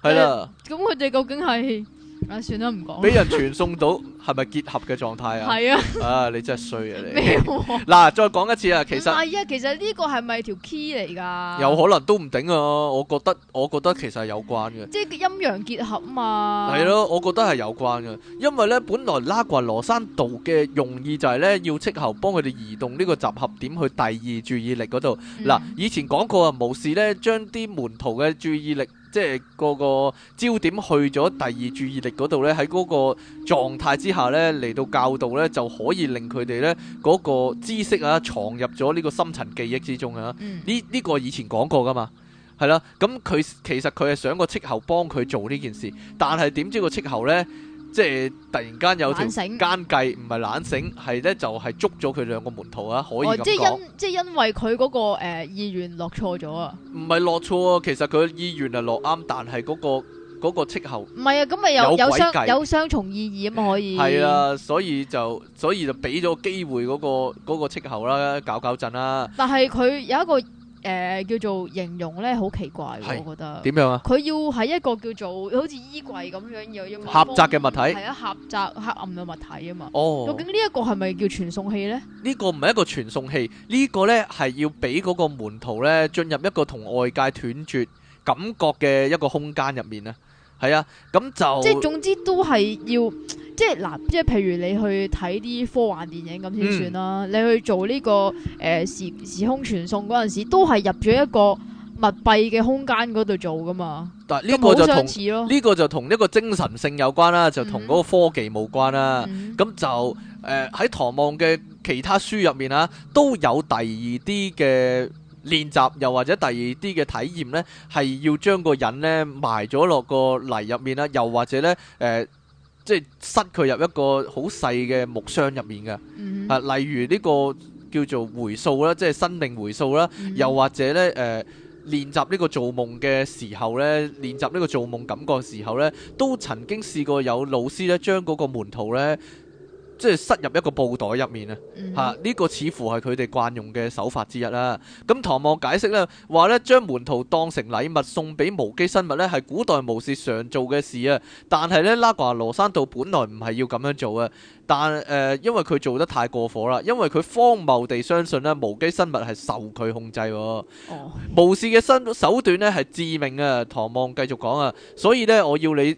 係啦、uh, 了。咁佢哋究竟係？唉，算啦，唔講。俾人傳送到係咪 [LAUGHS] 結合嘅狀態啊？係是啊！啊，你真係衰啊你麼！嗱， [LAUGHS] 再講一次啊，其實係啊、嗯，其實呢個係咪條 key 嚟噶？有可能都唔頂啊！我覺得，我覺得其實係有關嘅。即係陰陽結合嘛？係咯、啊，我覺得係有關嘅，因為咧本來拉格羅山道嘅用意就係咧要斥候幫佢哋移動呢個集合點去第二注意力嗰度。嗱、嗯，以前講過啊，無事咧將啲門徒嘅注意力。即係個個焦點去咗第二注意力嗰度呢，喺嗰個狀態之下呢，嚟到教導呢，就可以令佢哋呢嗰、嗰個知識啊藏入咗呢個深層記憶之中啊！呢呢、呢個以前講過噶嘛，係啦，咁佢其實佢係想個斥候幫佢做呢件事，但係點知個斥候呢？即係突然間有啲奸計，唔係懶醒，係咧就係、是、捉咗佢兩個門徒啊！可以、哦、即係因即係因為佢嗰、那個誒意願落錯咗啊！唔係落錯啊，其實佢意願係落啱，但係嗰、那個嗰、那個斥候。唔係啊，咁咪有有雙有雙重意義啊嘛，可以。係 [LAUGHS] 啊，所以就所以就俾咗機會嗰、那個嗰、那個斥候啦，搞搞震啦。但係佢有一個。誒、呃，叫做形容咧，好奇怪，是我覺得。點樣啊？佢要喺一個叫做好似衣櫃咁樣嘅一狹窄嘅物體。係啊，狹窄黑暗嘅物體啊嘛。哦。究竟是是呢個一個係咪叫傳送器咧？呢個唔係一個傳送器，這個、呢個咧係要俾嗰個門徒咧進入一個同外界斷絕感覺嘅一個空間入面咧。係啊，咁就即係總之都係要，即係嗱，即係譬如你去睇啲科幻電影咁先算啦。嗯、你去做呢、這個誒、呃、時時空傳送嗰陣時，都係入咗一個密閉嘅空間嗰度做噶嘛。但係呢個就同呢個就同一個精神性有關啦、啊，就同嗰個科技冇關啦、啊。咁、嗯、就誒喺《唐、呃、望》嘅其他書入面啊，都有第二啲嘅。練習又或者第二啲嘅體驗呢，係要將個人呢埋咗落個泥入面啦，又或者呢，誒、呃，即係塞佢入一個好細嘅木箱入面嘅。啊，例如呢個叫做回溯啦，即係生命回溯啦，又或者呢，誒、呃，練習呢個做夢嘅時候呢，練習呢個做夢感覺嘅時候呢，都曾經試過有老師呢將嗰個門徒呢，即係塞入一個布袋入面啊！嚇，呢個似乎係佢哋慣用嘅手法之一啦。咁、啊、唐望解釋咧，話咧將門徒當成禮物送俾無機生物咧，係古代巫師常做嘅事啊。但係呢，拉呱羅山道本來唔係要咁樣做啊。但誒、呃，因為佢做得太過火啦，因為佢荒謬地相信咧無機生物係受佢控制。巫師嘅身手段咧係致命啊！唐望繼續講啊，所以呢，我要你，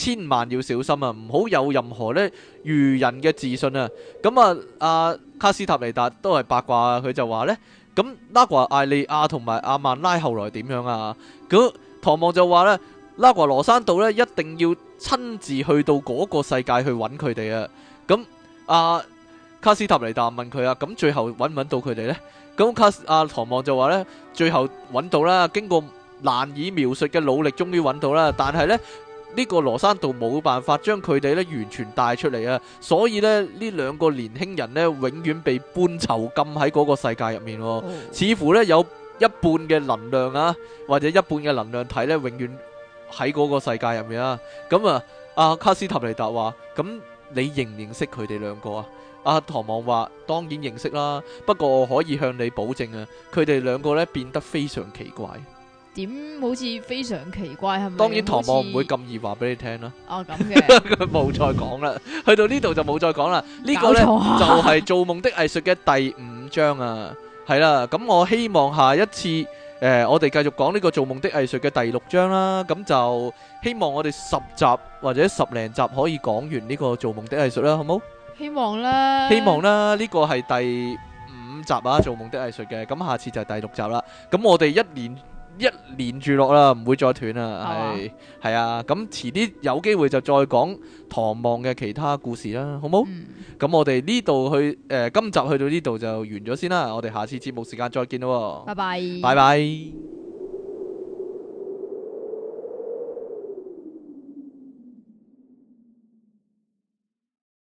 千萬要小心啊！唔好有任何咧愚人嘅自信啊！咁啊，阿卡斯塔尼達都係八卦，佢就話咧，咁拉瓜艾利亞同埋阿曼拉後來點樣啊？咁唐望就話咧，拉瓜羅山道咧一定要親自去到嗰個世界去揾佢哋啊！咁阿卡斯塔尼達問佢啊，咁最後揾唔揾到佢哋咧？咁卡阿唐望就話咧，最後揾到啦，經過難以描述嘅努力，終於揾到啦，但係咧。呢個羅山道冇辦法將佢哋咧完全帶出嚟，啊，所以咧呢兩個年輕人咧永遠被半囚禁喺嗰個世界入面，似乎咧有一半嘅能量啊，或者一半嘅能量體咧永遠喺嗰個世界入面啊。咁啊，阿卡斯塔尼達話：咁你認唔認識佢哋兩個啊？阿唐望話：當然認識啦，不過我可以向你保證啊，佢哋兩個咧變得非常奇怪。點好似非常奇怪，係咪？當然，唐望唔會咁易話俾你聽啦。哦，咁嘅冇再講啦，去到呢度就冇再講啦。呢個咧就係做夢的藝術嘅第五章啊，係啦。咁我希望下一次誒，我哋繼續講呢個做夢的藝術嘅第六章啦。咁就希望我哋十集或者十零集可以講完呢個做夢的藝術啦，好冇？希望啦，希望啦。呢個係第五集啊，做夢的藝術嘅。咁下次就係第六集啦。咁我哋一年。一連住落啦，唔會再斷啦，係係啊，咁、啊、遲啲有機會就再講唐望嘅其他故事啦，好冇？咁、嗯、我哋呢度去誒、呃，今集去到呢度就完咗先啦，我哋下次節目時間再見咯，拜拜，拜拜 bye。Bye bye